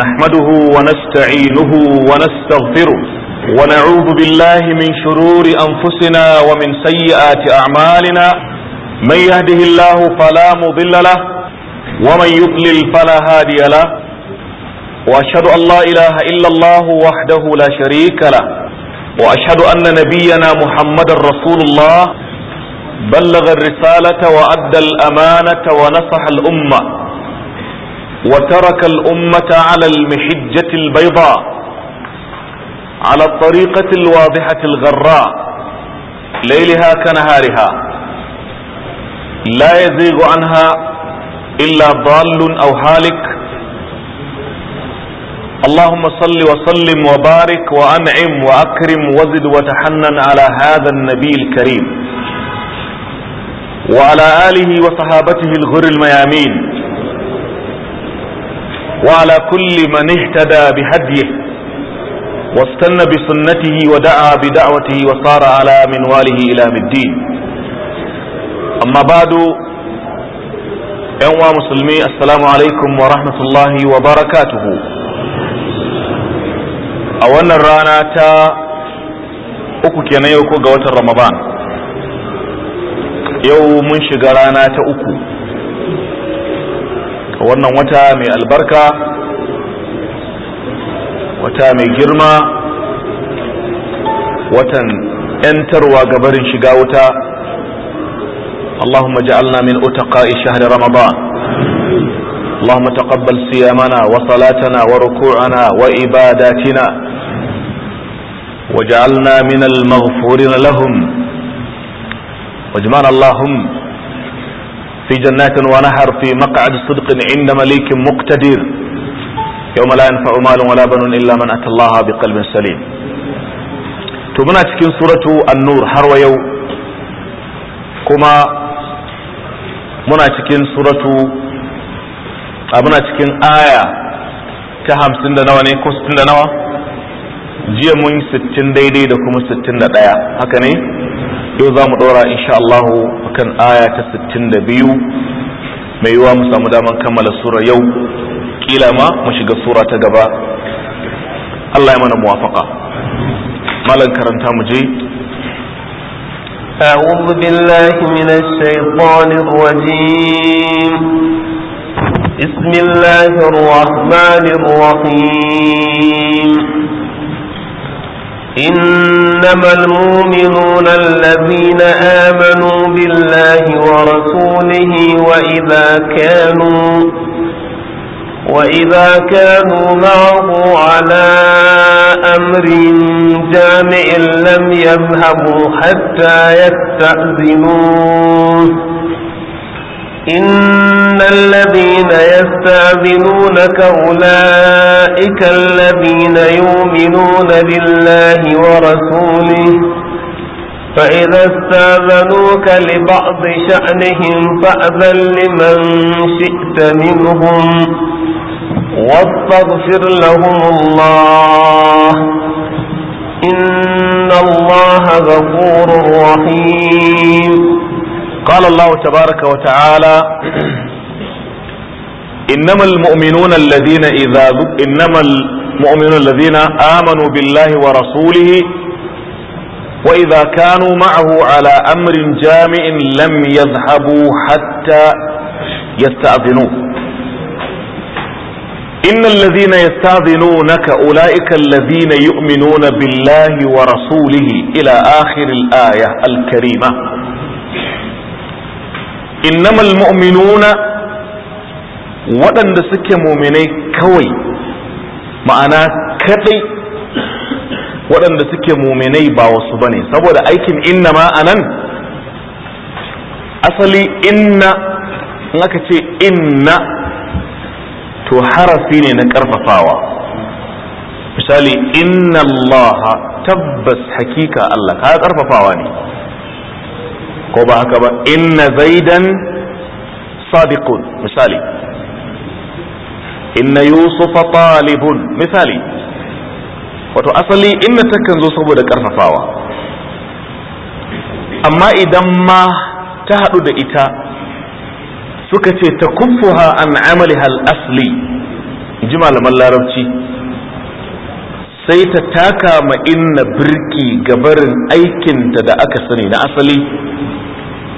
نحمده ونستعينه ونستغفره ونعوذ بالله من شرور انفسنا ومن سيئات اعمالنا من يهده الله فلا مضل له ومن يضلل فلا هادي له واشهد ان لا اله الا الله وحده لا شريك له واشهد ان نبينا محمدا رسول الله بلغ الرساله وادى الامانه ونصح الامه وترك الأمة على المحجة البيضاء على الطريقة الواضحة الغراء ليلها كنهارها لا يزيغ عنها إلا ضال أو هالك اللهم صل وسلم وبارك وأنعم وأكرم وزد وتحنن على هذا النبي الكريم وعلى آله وصحابته الغر الميامين وعلى كل من اهتدى بهديه واستنى بسنته ودعا بدعوته وصار على منواله إلى الدين أما بعد أنواع مسلمي السلام عليكم ورحمة الله وبركاته أولا رانا تا uku kenan yau ko ga watan Ramadan yau mun shiga rana ta uku wannan wata mai albarka wata mai girma watan ‘yantarwa gabarin shiga wuta اللهم اجعلنا من أتقاء شهر رمضان اللهم تقبل صيامنا وصلاتنا وركوعنا وإباداتنا واجعلنا من المغفورين لهم واجمعنا اللهم في جنات ونهر في مقعد صدق عند مليك مقتدر يوم لا ينفع مال ولا بنون إلا من أتى الله بقلب سليم تبنى تكين سورة النور هرو يو كما منا تكين سورة أبنا تكين آية تهم سند نوى نيكو سند نوى jiya mun yi 60 daidai da kuma 61 haka ne yau za mu ɗora insha Allahu, kan aya ta 62 mai yiwa mu samu daman kammala sura yau kila ma mu shiga sura ta gaba Allah ya mana muwafaka malan karanta mu je أعوذ بالله من الشيطان الرجيم بسم الله الرحمن الرحيم إنما المؤمنون الذين آمنوا بالله ورسوله وإذا كانوا وإذا كانوا معه على أمر جامع لم يذهبوا حتى يستأذنوه إن الذين يستأذنونك أولئك الذين يؤمنون بالله ورسوله فإذا استاذنوك لبعض شأنهم فأذن لمن شئت منهم واستغفر لهم الله إن الله غفور رحيم قال الله تبارك وتعالى إنما المؤمنون الذين إذا إنما المؤمنون الذين آمنوا بالله ورسوله وإذا كانوا معه على أمر جامع لم يذهبوا حتى يستأذنوه إن الذين يستأذنونك أولئك الذين يؤمنون بالله ورسوله إلى آخر الآية الكريمة innamal mu'minuna waɗanda suke muminai kawai ma'ana kadai waɗanda suke muminai ba wasu ba ne, saboda aikin inna ma anan asali inna in aka ce inna to harafi ne na ƙarfafawa misali inna allaha tabbas hakika Allah ka ƙarfafawa ne ko ba haka ba inna zaidan sadiqun misali inna yusufa talibun misali wato asali inna takan zo saboda karfafawa amma idan ma ta haɗu da ita suka ce ta kumfuha an amali al-asli ji malaman larabci sai ta taka ma inna birki gabarin aikinta da aka sani na asali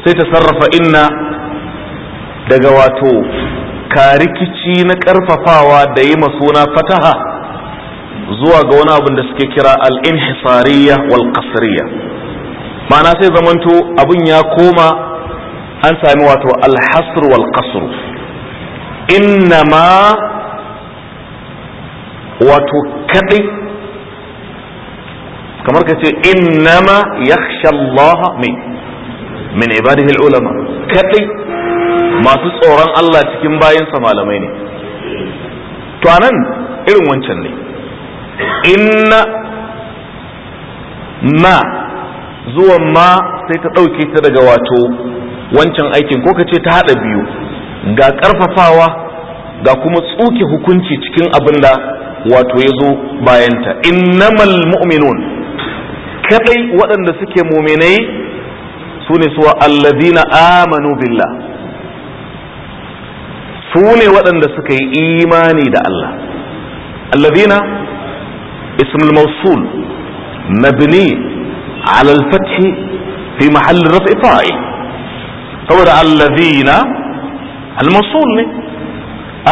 sai ta sarrafa inna daga wato karikici na karfafawa da yi masuna fataha zuwa ga wani abin da suke kira al-inhisariya wal qasriya ma'ana sai zamanto abin ya koma an sami wato al-hasr wal qasr innama wato kaɗai, kamar ka ce innama yakhsha min min ibadihi ulama kadai masu tsoron Allah cikin bayansa malamai ne to anan irin wancan ne inna ma zuwan ma sai ta ɗauke ta daga wato wancan aikin ko ka ce ta haɗa biyu ga ƙarfafawa ga kuma tsuke hukunci cikin abinda da wato ya zo bayanta innamal mu'minun kadai waɗanda suke muminai su ne suwa allazina amanu billah su ne waɗanda suka yi imani da Allah allazina ismul mawsul mabni ala al-fath fi mahall raf'i fa'il saboda allazina al-mawsul ne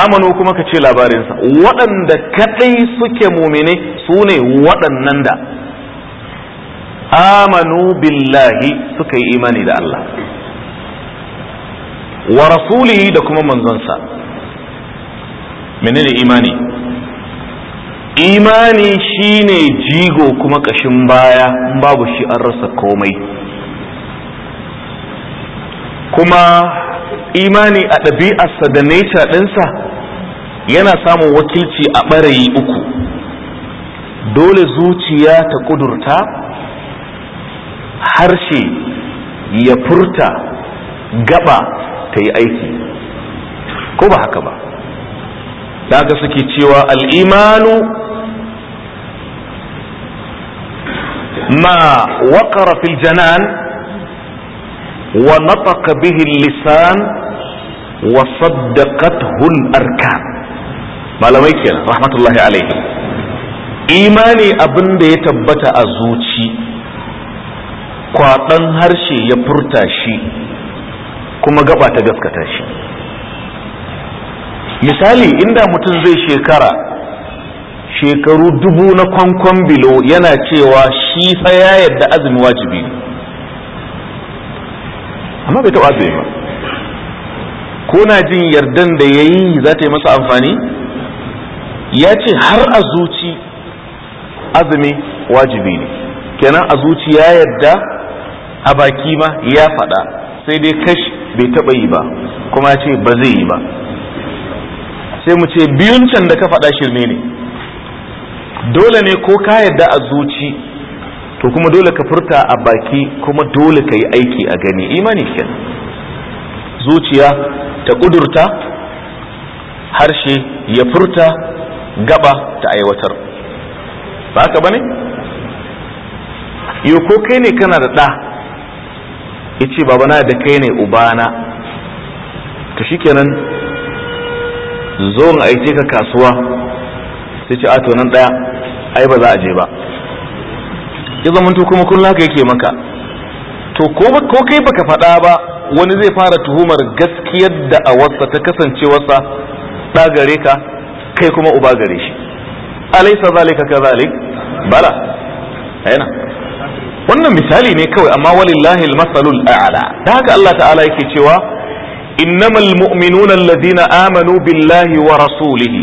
amanu kuma ka ce labarinsa waɗanda kadai suke mumine su ne waɗannan da amanu billahi suka yi imani da Allah wa rasulihi da kuma manzonsa menene imani imani shine jigo kuma kashin baya babu shi an rasa komai kuma imani a ɗabi'arsa da nature ɗinsa yana samun wakilci a ɓarayi uku dole zuciya ta ƙudurta harshe ya furta gaba ta yi aiki ko ba haka ba daga suke cewa al'imanu ma waƙara fil janan wa nataka bihi lisan wa saddaqathul arkan malamai kenan rahmatullahi alaihi imani abin da ya tabbata a zuci kwaɗan harshe ya furta shi kuma gaba ta gaskata shi misali inda mutum zai shekara shekaru dubu na kwankwan bilo yana cewa shi fa yadda azumi wajibi ne amma bai taɓa azumi ba ko na jin yardan da ya yi za ta yi masa amfani ya ce har a zuci azumi wajibi ne kenan a zuci ya yadda a baki ma ya faɗa sai dai kash bai taɓa yi ba kuma ce ba zai yi ba sai mu ce biyun can da ka faɗa shirme ne dole ne ko ka yarda a zuci to kuma dole ka furta a baki kuma dole ka yi aiki a gani imani kenan zuciya ta ƙudurta harshe ya furta gaba ta aiwatar ba haka ba ne Yau ko kai ne kana da ɗa yace baba na da kai ne ubana to shikenan zo in aike ka kasuwa sai ce a to nan daya ai ba za a je ba ya zamanto kuma kullum haka yake maka to ko kai baka faɗa ba wani zai fara tuhumar gaskiyar da a wasa ta kasancewarsa ɗa gare ka kai kuma uba gare shi alaisa zalika ka zalik bala aina wannan misali ne kawai amma walillahi almasalul a'la da haka Allah ta'ala yake cewa innamal mu'minuna alladhina amanu billahi wa rasulihi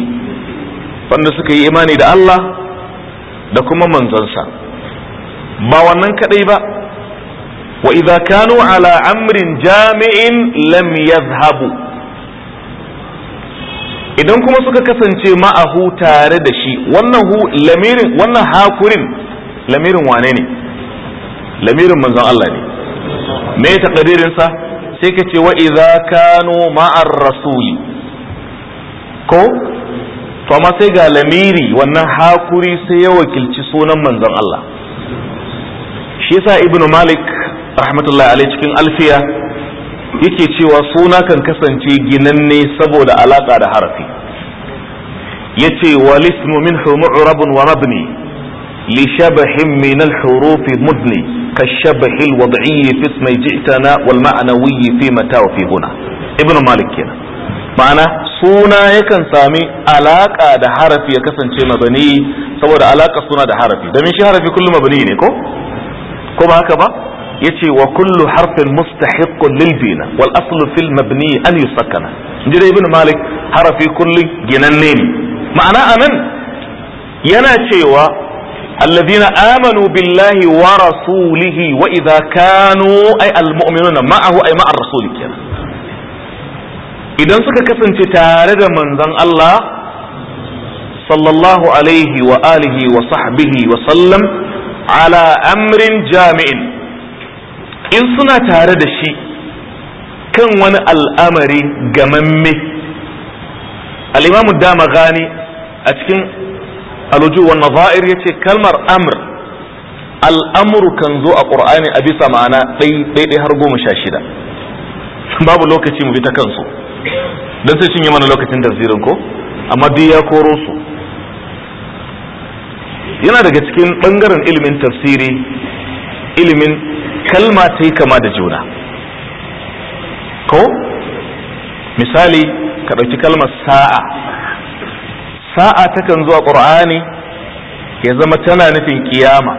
wanda suka yi imani da Allah da kuma manzansa ba wannan kadai ba wa idza kanu ala amrin jami'in lam yadhhabu idan kuma suka kasance ma'ahu tare da shi wannan hu lamirin wannan hakurin lamirin wane ne lamirin manzon Allah ne me taƙaririnsa sa sai ka ce wa idza kanu ma'ar rasuli ko to amma sai ga lamiri wannan hakuri sai ya wakilci sunan manzon Allah shi yasa ibnu malik rahmatullahi alaihi cikin alfiya yake cewa suna kan kasance ginanne saboda alaƙa da harafi yace walismu min mu'rabun wa mabni li shabahin min al-hurufi mudni كالشبه الوضعي في اسم جئتنا والمعنوي في متى وفي هنا ابن مالك كنا معنى suna yakan sami alaƙa da harafi ya kasance mabani saboda alaka suna da harafi domin shi harafi kullum mabani ne ko ko ba haka ba yace wa kullu harfin mustahiqqun lil bina wal aslu fil mabni an yusakkana inji dai ibn malik harafi kulli ginanne ma'ana anan yana cewa الذين آمنوا بالله ورسوله وإذا كانوا أي المؤمنون معه أي مع الرسول كنا إذا سكا كفن تتارد من ذن الله صلى الله عليه وآله وصحبه وسلم على أمر جامع إن سنا تارد شيء كان وانا الأمر جممه الإمام الدام غاني أتكن aluju wan nazair yace kalmar amr al'amru kan zo a qur'ani a bisa ma'ana ɗaiɗai har goma sha shida babu lokaci mu bi ta kansu dan sai cinye mana lokacin tafsirin ko amma duk ya koro su yana daga cikin bangaren ilimin tafsiri ilimin kalma ta yi kama da juna ko misali ka ɗauki kalmar sa'a sa'a takan zuwa qur'ani ya zama tana nufin kiyama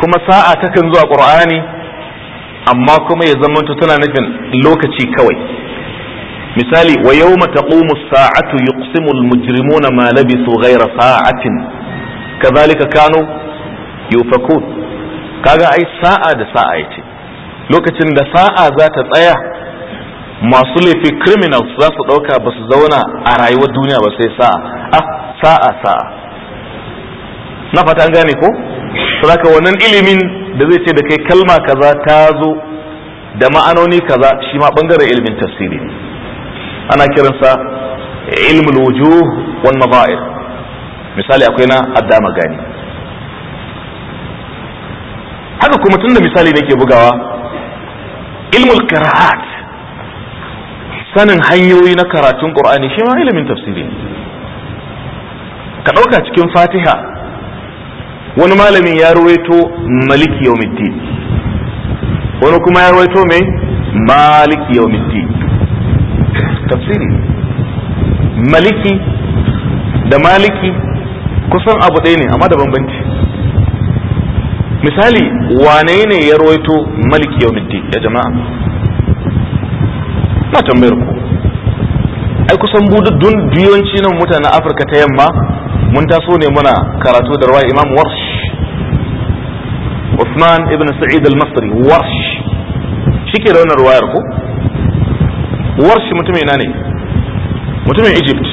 kuma sa'a takan zuwa qur'ani amma kuma ya zama tana nufin lokaci kawai misali wa yawma taqumu as-sa'atu yuqsimu al-mujrimuna ma labisu ghayra sa'atin kadhalika kanu yufakun kaga ai sa'a da sa'a yace lokacin da sa'a za ta tsaya masu laifi criminals za su ɗauka ba su zauna a rayuwar duniya ba sai sa'a a ah, sa'a sa'a na fata an gane ko Sadaka wannan ilimin da zai ce da kai kalma kaza ta zo da ma'anoni kaza shi ma bangaren ilimin tafsiri ana kiransa ilmul wujuh wal nadha'ir misali akwai na addama gani haka kuma tunda misali nake bugawa ilmul qira'at sanin hanyoyi na karatun qur'ani shi ma ilimin tafsiri ka ɗauka cikin fatiha wani malamin ya ruwaito maliki yawmiddin wani kuma ya ruwaito mai maliki yawmiddin tafsiri maliki da maliki kusan abu ɗaya ne amma da bambanci misali wane ne ya ruwaito maliki yawmiddin ya jama'a ba tambayar ku ai kusan budun duyanci nan mutanen afirka ta yamma mun taso ne muna karatu da rawai imam warsh usman ibn sa'id al-masri warsh shike da wannan ruwayar ku warsh mutum ina ne mutumin egypt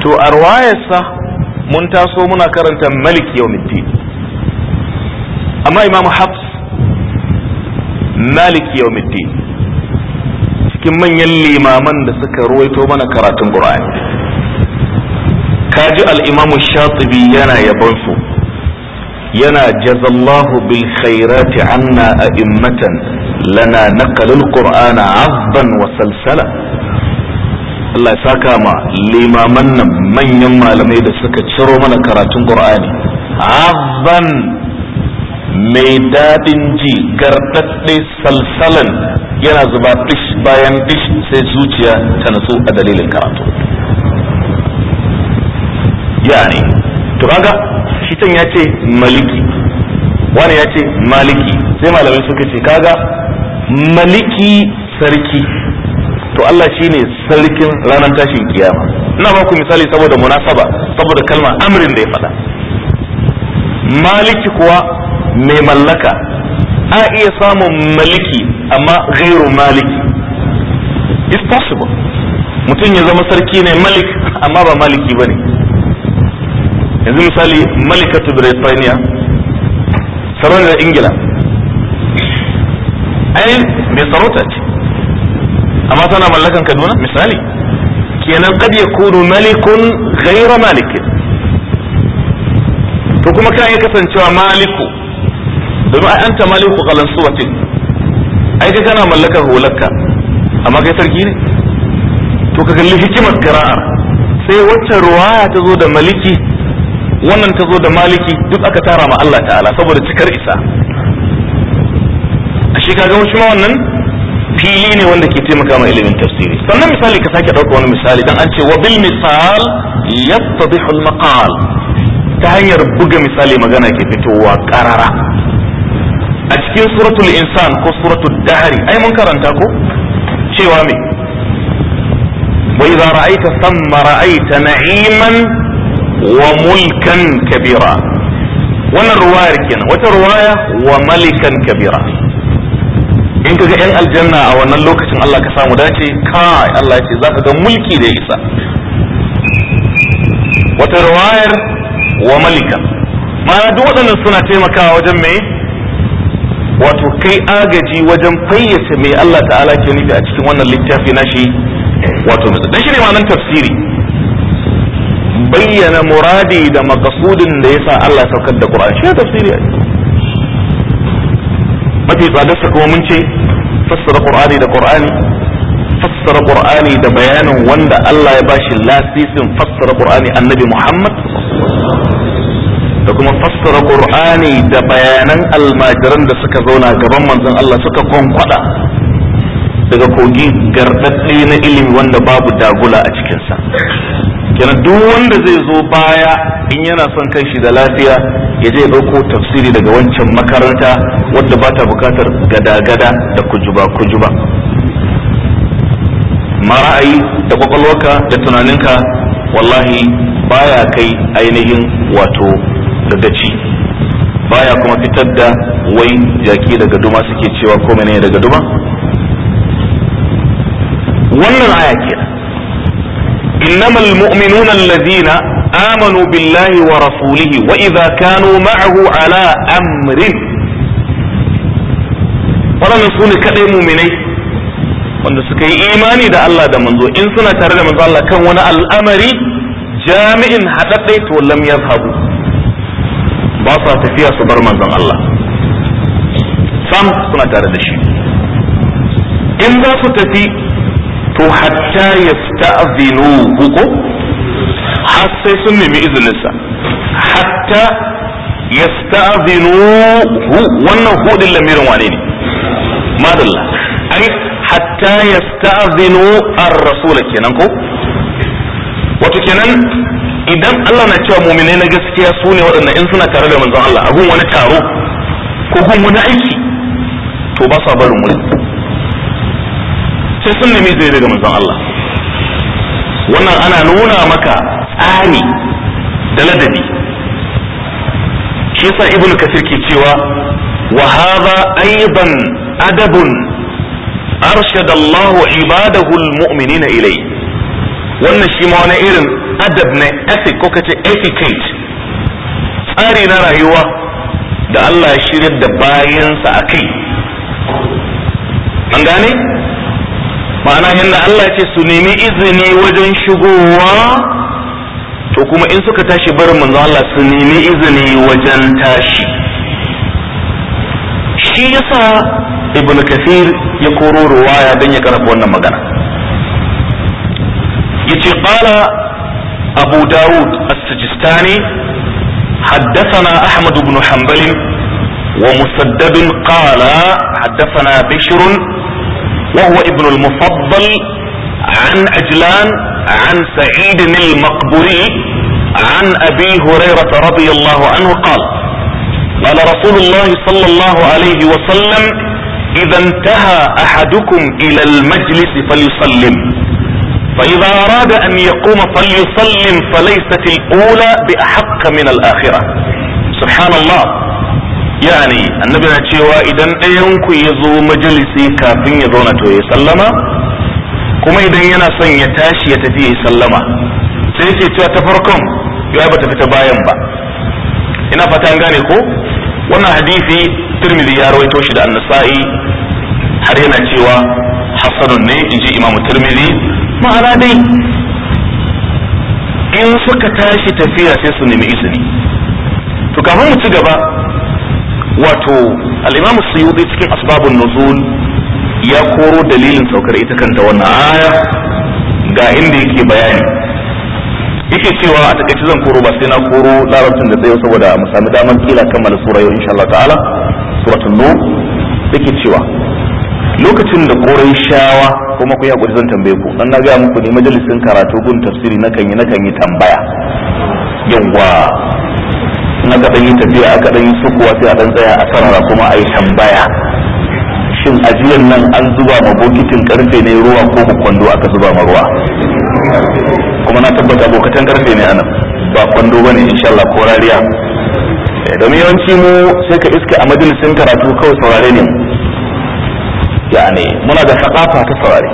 to a ruwayarsa mun taso muna karanta malik yawmiddin amma imam hafs maliki yawmiddin cikin manyan limaman da suka ruwaito mana karatun qur'ani kaji al-imamu shatibi yana yabon su yana jazallahu bil khairati anna a'immatan lana naqalul qur'ana azban wa salsala Allah ya saka ma limaman nan manyan malamai da suka ciro mana karatun qur'ani azban mai daɗin ji gardaɗe salsalan yana zuba dish bayan dish sai zuciya ta naso a dalilin karatu yani to kaga shi can ya ce maliki wani ya ce maliki sai malamai suka ce kaga maliki sarki to Allah shi ne sarkin ranar tashin kiyama ina ba ku misali saboda munasaba saboda kalma amrin da ya faɗa maliki kuwa mai mallaka a iya samun maliki amma gairu maliki it's possible mutum ya zama sarki ne malik amma ba maliki ba ne yanzu misali malikatu birtaniya sarauniyar ingila ai mai sarauta ce amma tana mallakan kaduna misali kenan kad yakunu malikun ghaira malikin to kuma kan iya kasancewa maliku domin ai anta maliku qalan suwatin ai kai kana mallakar hularka amma kai sarki ne to ka kalli hikimar qira'a sai wacce ruwaya ta zo da maliki wannan ta zo da maliki duk aka tara ma Allah ta'ala saboda cikar isa ashe ka shi ma wannan fili ne wanda ke taimaka ma ilimin tafsiri sannan misali ka sake ɗauka wani misali dan an ce wa bil misal yattadihu al maqal ta hanyar buga misali magana ke fitowa karara a cikin suratul insan ko suratul dahari ai mun karanta ko cewa me wa idza ra'aita thumma ra'aita na'iman wa mulkan kabira wannan ruwaya kenan wata ruwaya wa malikan kabira in ka ga yan aljanna a wannan lokacin Allah ka samu dace kai Allah ya ce za ka ga mulki da isa wata ruwayar wa malika ma duk waɗannan suna taimakawa wajen mai wato kai agaji wajen fayyace mai Allah ta'ala ke nufi a cikin wannan littafi na shi wato dan shi ne ma'anar tafsiri bayyana muradi da makasudin da yasa Allah saukar da Qur'an shi tafsiri mafi tsadarsa kuma mun ce fassara Qur'ani da Qur'ani fassara Qur'ani da bayanin wanda Allah ya bashi lasisin fassara Qur'ani annabi Muhammad da kuma fassara qur'ani da bayanan almajiran da suka zauna gaban manzon Allah suka kwankwada daga kogi gardadde na ilimi wanda babu dagula a cikinsa kenan duk wanda zai zo baya in yana son shi da lafiya ya je dauko tafsiri daga wancan makaranta wadda ba ta bukatar gada-gada da kujuba-kujuba mara'ayi da kwakwalwarka da tunaninka wallahi baya kai ainihin wato da daci baya kuma fitar da wai jaki daga duma suke cewa ko menene daga duma wannan aya kenan innamal mu'minuna allazina amanu billahi wa rasulihi wa idza kanu ma'ahu ala amrin wannan sune kadai mu'minai wanda suka yi imani da Allah da manzo in suna tare da manzo Allah kan wani al'amari jami'in haɗaɗɗai to lam yazhabu ba sa tafiya su bar manzon Allah sam suna tare da shi in za su tafi to hatta yasta'zinuhu ko har sai sun nemi izininsa hatta yasta'zinuhu wannan hudin lamirin wane ne madalla ai hatta yasta'zinu ar-rasul kenan ko wato kenan idan Allah na cewa muminai na gaskiya su ne waɗannan in suna tare da manzon Allah a gun wani taro ko gun wani aiki to ba sa barin wani sai sun nemi zai daga manzon Allah wannan ana nuna maka tsari da ladabi shi yasa ibnu kasir ke cewa wa hadha aidan adabun arshada Allahu ibadahu almu'minina ilai wannan shi ma wani irin adab ne ethic ko kace etiquette tsari na rayuwa da Allah ya shirin da bayansa a kai an gane ma'ana yadda Allah ce su nemi izini wajen shigowa to kuma in suka tashi barin manzo Allah su nemi izini wajen tashi shi yasa ibn kathir ya koro ruwaya don ya karanta wannan magana yace qala ابو داود السجستاني حدثنا احمد بن حنبل ومسدد قال حدثنا بشر وهو ابن المفضل عن عجلان عن سعيد المقبري عن ابي هريرة رضي الله عنه قال قال رسول الله صلى الله عليه وسلم اذا انتهى احدكم الى المجلس فليسلم da فإذا أراد أن يقوم فليسلم فليست الأولى بأحق من الآخرة Subhanallah. الله يعني na cewa idan ɗayanku ya zo majalisi kafin ya zauna to ya sallama kuma idan yana son ya tashi ya tafi ya sallama sai ce ta farkon ya ba tafi ta bayan ba ina fata an gane ko wannan hadisi turmidi ya rawaito shi da annasa'i har yana cewa hasanun ne inji imamu turmidi ma'ana dai in suka tashi tafiya sai su nemi izini to kafin mu ci gaba wato al-imam suyuti cikin asbabun nuzul ya koro dalilin saukar ita kanta wannan aya ga inda yake bayani yake cewa a takaice zan koro ba sai na koro larabcin da tsayo saboda mu sami damar kila kammala sura yau insha Allah ta'ala suratul nur yake cewa lokacin da korai shawa kuma ku yi hakuri zan tambaye ku dan na gaya muku ne majalisin karatu gun tafsiri na kan yi na kan yi tambaya yawa na ka dan yi tafiya aka dan yi sukuwa sai a dan tsaya a sarara kuma a yi tambaya shin ajiyar nan an zuba ma bokitin karfe ne ruwa ko kwando aka zuba ma ruwa kuma na tabbata bokatan karfe ne anan ba kwando bane insha Allah ko rariya eh, domin yawanci mu sai ka iska a majalisin karatu kawai saurare ne yani muna da sakafa ta saurari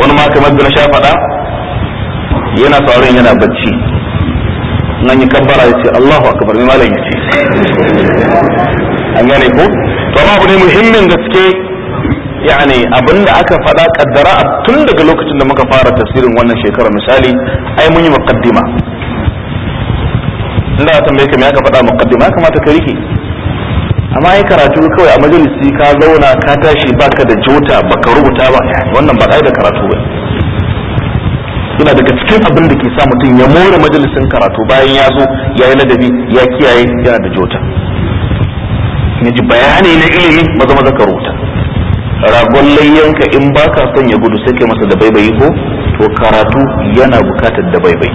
wani ma kamar da na sha faɗa yana sauraron yana bacci nan yi kabbara ya ce Allahu akbar mai malam ya ce an gane ko to amma abu ne muhimmin gaske yani abinda aka faɗa kaddara tun daga lokacin da muka fara tafsirin wannan shekara misali ai mun yi muqaddima ina tambaye ka me aka faɗa muqaddima kamata ka rike amma ai karatu kawai a majalisi ka zauna ka tashi baka da jota baka rubuta ba wannan ba da karatu ba Ina daga cikin abin da ke sa mutum ya more majalisin karatu bayan ya zo ya yi ladabi ya kiyaye yana da jota ya ji bayani na ilimi maza maza ka rubuta ragon layyanka in baka son ya gudu sai kai masa da baibayi ko to karatu yana bukatar da baibayi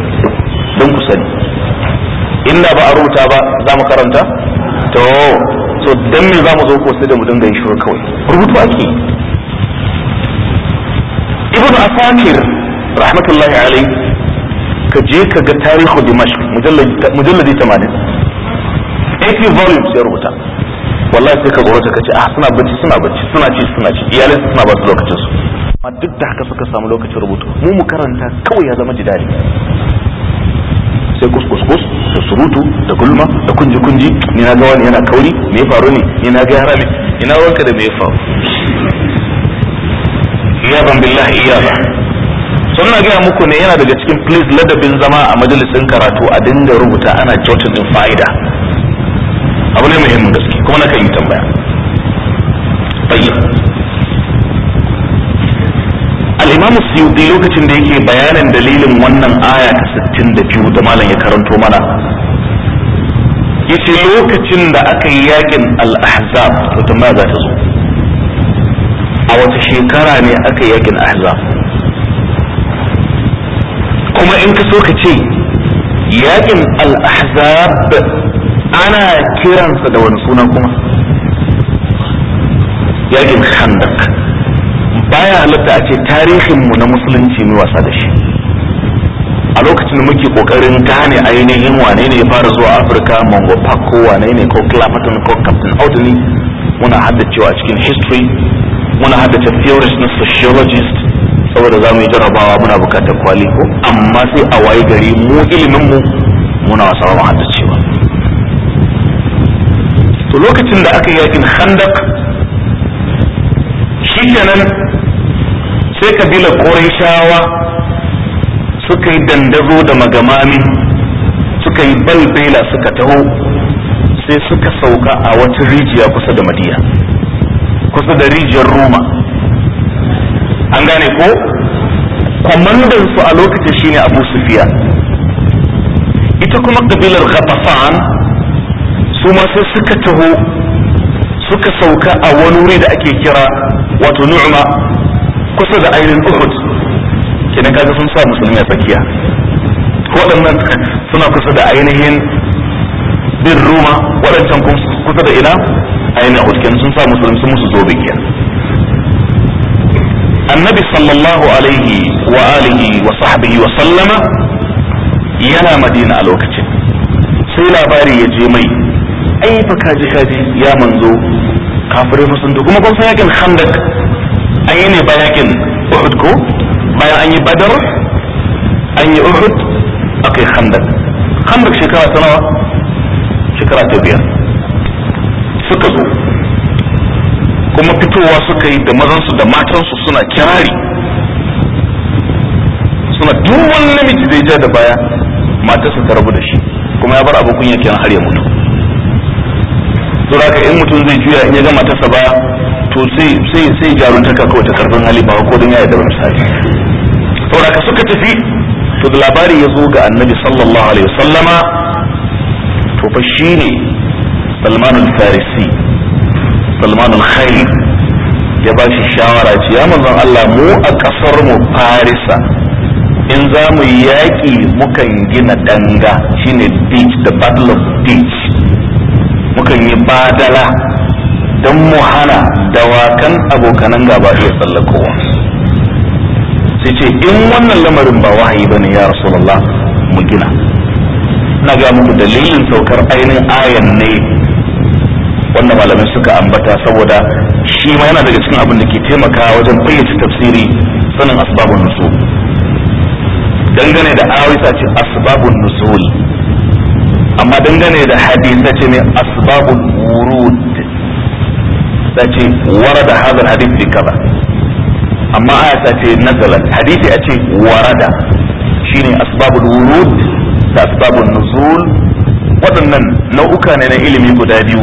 don ku sani inda ba a rubuta ba za mu karanta to to dan me za mu zo ko sai da mu dinga yi shiru kawai rubutu ake ibn asakir rahmatullahi alaihi ka je ka ga tarihu dimashq mujalladi 80 80 volumes ya rubuta wallahi sai ka gurata ka ce ah suna bacci suna bacci suna ci suna ci iyalai suna ba su lokacin su amma duk da haka suka samu lokacin rubutu mu mu karanta kawai ya zama jidali sai kuskus kuskus da surutu da gulma da kunji kunji ni na ga wani yana kauri me ya faru ne ni na ga yara ne ina wanka da me ya faru ya ban billahi iya ba sun na gaya muku ne yana daga cikin please ladabin zama a majalisin karatu a dinga rubuta ana jotin din fa'ida abu ne muhimmin gaske kuma na kan yi tambaya al-imam suyuti lokacin da yake bayanin dalilin wannan aya ta 62 da malam ya karanto mana yace lokacin da aka yi yakin al-ahzab to tambaya za ta zo a wata shekara ne aka yi yakin ahzab kuma in ka so ka ce yakin al-ahzab ana kiransa da wani suna kuma yakin khandak baya halatta a ce tarihinmu na musulunci mai wasa da shi a lokacin da muke kokarin gane ainihin wane ne ya fara zuwa afirka mongo park ko wane ne ko clapperton ko captain outney muna haddacewa cikin history muna haddace theorist na sociologist saboda za mu yi jarabawa muna bukatar kwali ko amma sai a waye gari mu iliminmu muna wasa mu haddacewa to lokacin da aka yi yakin handak shi kenan sai kabilar ƙorishawa suka yi dandazo da magamami suka yi balbela suka taho sai suka sauka a wata rijiya kusa da madiya kusa da rijiyar roma an gane ko su a lokacin shine abu sufiya ita kuma kabilar ghatafan su ma sai suka taho suka sauka a wani wuri da ake kira wato nu'ma kusa da ainihin uhud kenan kaga sun sa musulmi a tsakiya waɗannan suna kusa da ainihin bin ruma waɗancan kusa da ina ainihin uhud kenan sun sa musulmi sun musu zobe kenan annabi sallallahu alaihi wa alihi wa sahbihi wa sallama yana madina a lokacin sai labari ya je mai ai fa kaji kaji ya manzo kafirai fa sun kuma kun san yakin khandak an yi ne bayan yakin uhud ko bayan an yi badar an yi uhud akai khandak khandak shekara ta nawa shekara ta biyar suka zo kuma fitowa suka yi da mazansu da matansu suna kirari suna duk wani namiji zai ja da baya matarsa ta rabu da shi kuma ya bar abokin yake har ya mutu ka in mutum zai juya in ya ga matarsa baya to sai sai sai jaruntaka kawai ta karfin hali ba ko dan yayi da misali saboda ka suka tafi to da labari ya zo ga annabi sallallahu alaihi wasallama to fa shine Salman al-Farisi Salman al ya ba shi shawara ce ya manzon Allah mu a kasar mu Farisa in za mu yaƙi mukan gina danga shine ditch the battle of ditch mukan yi badala don mu hana dawakan abokanan gaba iya tsallakowa sai ce in wannan lamarin ba wahayi ba ne ya rasulullah mu gina na ga muku dalilin saukar ainihin ayan ne Wannan malamai suka ambata saboda shi ma yana daga cikin abin da ke taimakawa wajen fayyace tafsiri sanin asbabun nusul dangane da awisa ce asbabun nusul amma dangane da hadisa ce ne asbabun wurud ta ce warada hadha hadith bi kaza amma aya ta ce nazalat hadisi a ce warada shine asbabul wurud da asbabul nuzul waɗannan nau'uka ne na ilimi guda biyu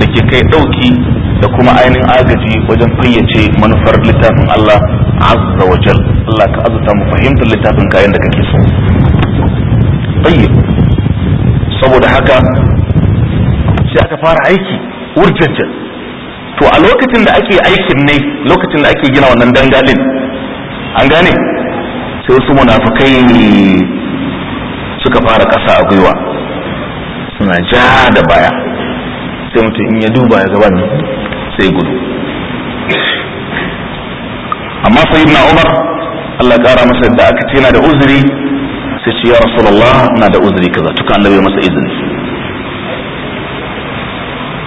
da ke kai ɗauki da kuma ainihin agaji wajen fayyace manufar littafin Allah azza wa jal Allah ka azuta mu fahimtar littafin kayan da kake so tayyib saboda haka sai aka fara aiki wurjanjan to a lokacin da ake aikin ne lokacin da ake gina wannan dangalin an gane sai wasu munafukai suka fara kasa a gwiwa suna ja da baya sai mutum in ya duba ya gaban sai gudu amma sai na umar Allah kara masa da aka ce yana da uzuri sai ce ya rasulullah na da uzuri kaza tuka annabi masa izini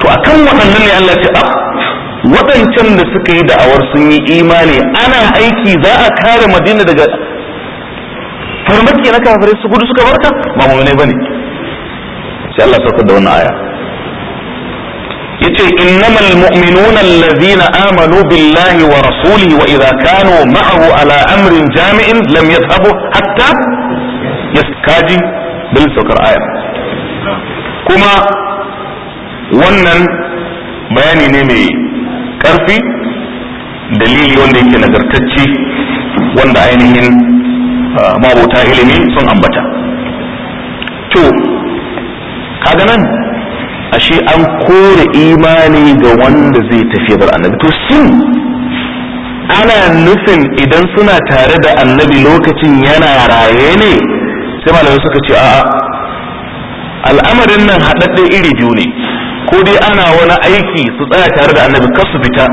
to kan waɗannan ne Allah ce ab waɗancan da suka yi da'awar sun yi imani ana aiki za a kare madina daga farmaki na kafirai su gudu suka barka ba mu ne bane sai Allah sauka da wannan aya yace innamal mu'minuna allazina amanu billahi wa rasulihi wa idza kanu ma'ahu ala amrin jami'in lam yadhhabu hatta yaskaji bil sukar aya kuma wannan bayani ne mai karfi dalili wanda yake nagartacce wanda ainihin ah, mabota ilimi sun ambata to kaga nan ashe an kore imani ga wanda zai tafi bar annabi to shin ana nufin idan suna tare da annabi lokacin yana raye ne sai malamai suka ce a'a al'amarin nan haɗaɗɗe iri biyu ne ko dai ana wani aiki su tsaya tare da annabi kar su fita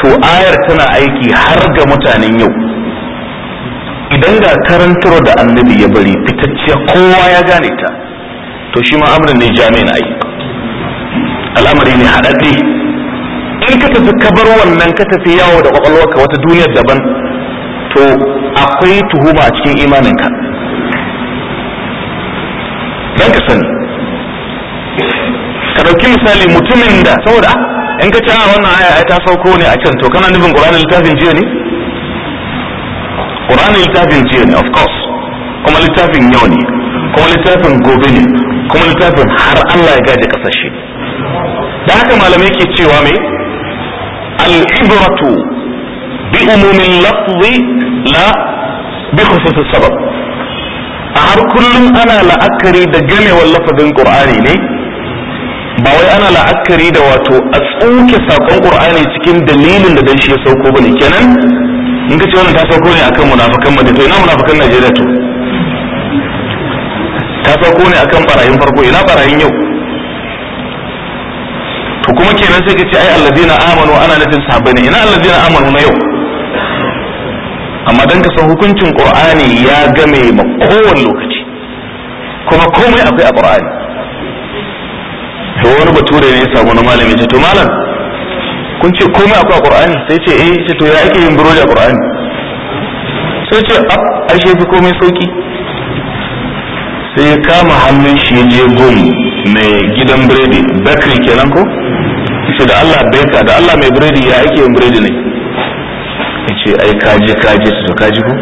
to ayar tana aiki har ga mutanen yau idan ga karantar da annabi ya bari fitacciya kowa ya gane ta to shi ma amrin ne jami'in ai al'amari ne haɗaɗɗe in ka tafi kabar wannan ka tafi yawo da kwakwalwa ka wata duniya daban to akwai tuhuma a cikin imaninka dan ka sani ka dauki misali mutumin da saboda in ka ci wannan aya ai ta sauko ne a can to kana nufin qur'anin littafin jiya ne qur'anin littafin jiya ne of course kuma littafin yau ne kuma littafin gobe ne kuma littafin har Allah ya gaje kasashe da haka malamai ke cewa me al-ibratu bi umumin lafzi la bi khususis sabab a har kullum ana la'akari da ganewar lafazin qur'ani ne ba wai ana la'akari da wato a tsuke sakon qur'ani cikin dalilin da dan shi ya sauko bane kenan in ka ce wannan ta sauko ne akan munafikan madina to ina munafikan najeriya to ta sauko ne akan barayin farko ina barayin yau to kuma kenan sai ka ce ai alladina amanu ana nufin sahabbai ne ina alladina amanu na yau amma dan ka san hukuncin qur'ani ya game ma kowane lokaci kuma komai akwai a qur'ani wai wani bature ne ya samu na malami ce to malam kun ce komai akwai a qur'ani sai ce eh ce to ya ake yin burodi a qur'ani sai ce a ashe fi komai sauki sai ya kama hannun shi ya je gum mai gidan biredi bakri kenan ko ce da Allah beka da Allah mai biredi ya ake yin biredi ne ce ai kaji kaji to kaji ko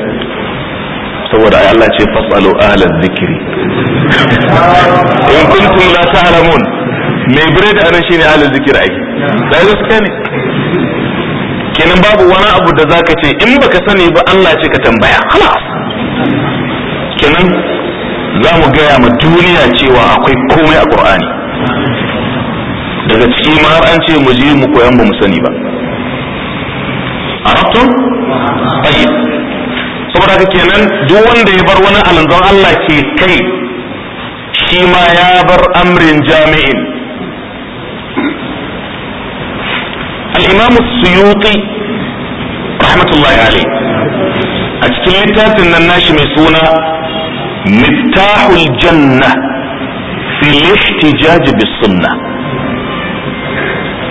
saboda ai Allah ce fasalu ahlal zikiri. in kuntum la ta'lamun mai biredi anan shine ahlul zikir ai dai gaskiya ne kenan babu wani abu da zaka ce in baka sani ba Allah ce ka tambaya halas kenan za mu gaya ma duniya cewa akwai komai a Qur'ani daga ciki ma har an ce mu je mu koyan ba mu sani ba arabtum tayyib saboda haka kenan duk wanda ya bar wani alanzan Allah ke kai shi ma ya bar amrin jami'in al-imam rahmatullahi alayhi a cikin littafin na nashi mai suna miftahul janna fi ihtijaj bis sunnah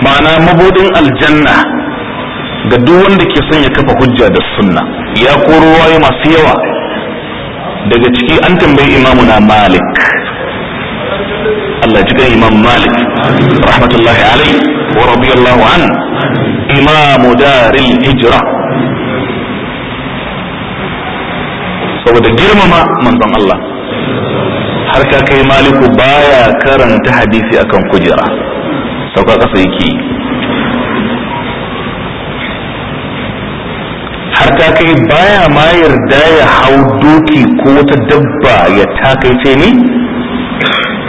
ma'ana mabudin aljanna ga duk wanda ke son ya kafa hujja da sunna ya koro waye masu yawa daga ciki an tambayi imamu na malik Allah ji kan Imam Malik rahmatullahi alaihi wa radiyallahu an Imam Daril Hijra saboda girmama manzon Allah har ka kai Maliku baya karanta hadisi akan kujera sauka kasa yake har ta kai baya ma yarda ya hau doki ko wata dabba ya ta kai ce ni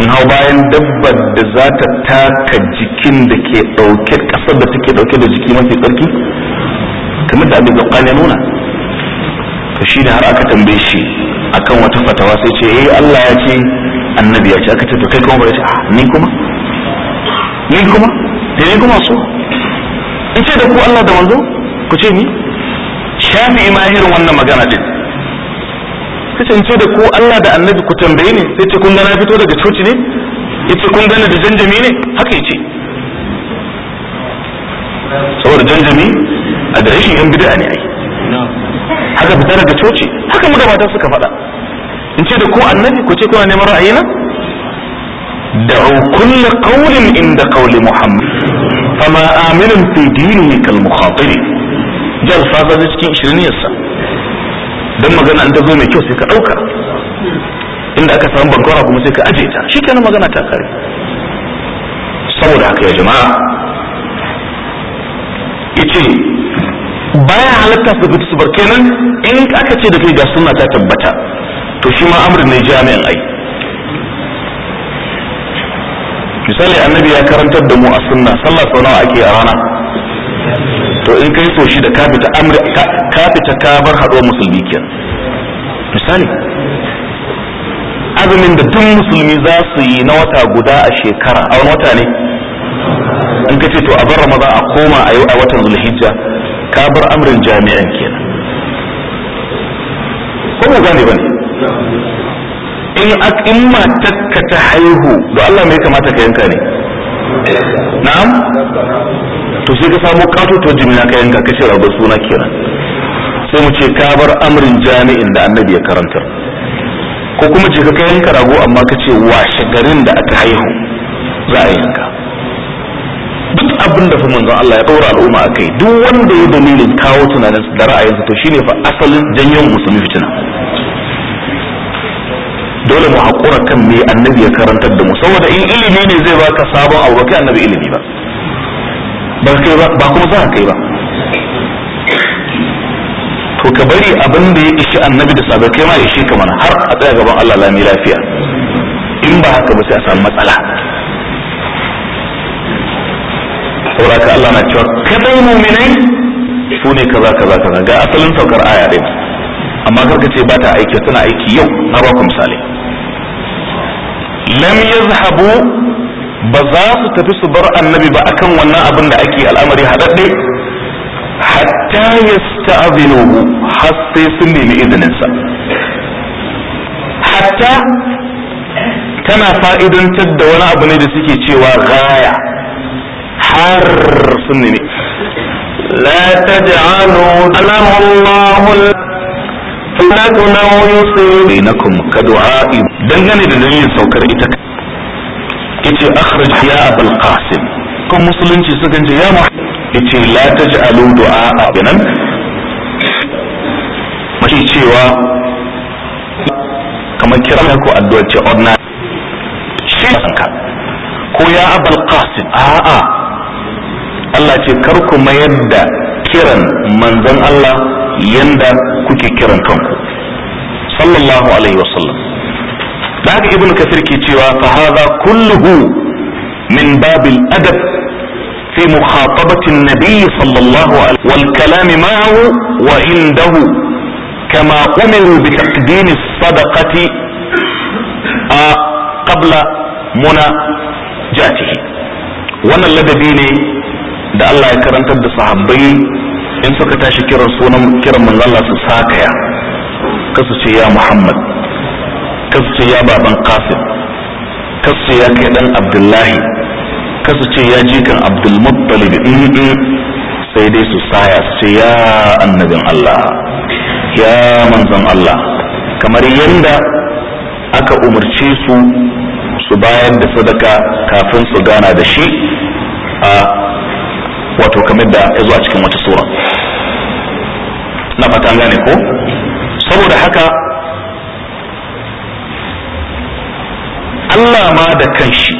in hau bayan dabbar da za ta taka jikin da ke dauke kasar da take ɗauke da jiki mafi tsarki kamar da abin zaɓa ya nuna to shi da har aka tambaye shi akan wata fatawa sai ce eh Allah ya ce annabi ya ce aka ce to kai kuma ba ce ah, ni kuma ni kuma da ni kuma so in ce da ku Allah da manzo ku ce ni shafi imahirin irin wannan magana din kasance da ko Allah da annabi ku tambaye ne sai ce kun ga fito daga coci ne yace kun ga da janjami ne haka yace saboda janjami a da rashin yan bid'a ne ai haka fita daga coci haka mu magabata suka faɗa in ce da ku annabi ku ce kuna neman ra'ayina da'u kullu qawlin inda qawli muhammad fama aminun fi dinihi kal mukhatiri jalsa da cikin shiriniyarsa dan magana an ta zo mai kyau sai ka ɗauka inda aka samu bankora kuma sai ka aje ta kenan magana ta kare saboda haka ya jama'a yace baya halatta su fita su bar kenan in aka ce da kai ga sunna ta tabbata to shi ma amrin ne jami'in ai misali annabi ya karantar da mu a sunna sallah sau nawa ake a rana to in kai so shi da kafita amri kafita ka bar musulmi kin misali azumin da duk musulmi za su yi na wata guda a shekara a wani wata ne in ka ce to a bar ramadan a koma a yau a watan zulhijja ka bar amrin jami'an kenan ko mu gane bane in in matakka ta haihu da Allah mai kamata ka yanka ne na'am to sai ka samu katoto jimina ka yanka ka shira suna kenan sai mu ce ka bar amrin jami'in da annabi ya karantar ko kuma ce ka yanka rago amma ka ce washe garin da aka haihu za a yanka duk abin da fa manzon Allah ya daura al'umma akai duk wanda ya dalilin kawo tunanin da ra'ayinsa to shine fa asalin janyen musulmi fitina dole mu haƙura kan me annabi ya karantar da mu saboda in ilimi ne zai baka sabon abu ba kai annabi ilimi ba ba kai ba ba kuma za a kai ba to ka bari abin da ya ishi annabi da sabai kai ma ya shi kamar har a tsaya gaban Allah lami lafiya in ba haka ba sai a samu matsala saboda ka Allah na cewa kadai muminai su ne kaza kaza kaza ga asalin saukar aya din amma karka ce ba ta aiki tana aiki yau na ba ku misali lam yazhabu ba za su tafi su bar annabi ba akan wannan abin da ake al'amari haɗaɗɗe hatta ya sta'azinuhu har sai sun nemi izininsa hatta tana fa'idantar da wani abu ne da suke cewa gaya har sun nemi لا تجعلوا أمر الله فتنة يصيب بينكم dangane da دنجني saukar ita yace akhraj ya abul qasim kan musulunci suka ce ya ma yace la taj'alu du'a abinan mace cewa kamar kira ko addu'a ce ordinary shi sanka ko ya abul qasim a'a Allah ce kar ku mayar da kiran manzon Allah yanda kuke kiran kanku sallallahu alaihi wasallam da haka ibnu kasir ke cewa fa kulluhu min babil adab fi mukhatabati an-nabi sallallahu alaihi wal kalam ma'ahu wa indahu kama umiru bi taqdim as-sadaqati qabla muna jatihi wannan ladabi ne da Allah ya karantar da sahabbai in suka tashi kiran sunan kiran manzon su sakaya kasu ya Muhammad kasu ya baban kasin kasu ya kai dan abdullahi kasu ce ya jikan abdulmuttalib mm, mm. sai dai su saya su ya annabin Allah ya manzon Allah kamar yadda aka umarce su su bayar da sadaka kafin su gana da shi a wato kamar da ya zo a cikin wata sura na an gane ko saboda haka Allah ma da kanshi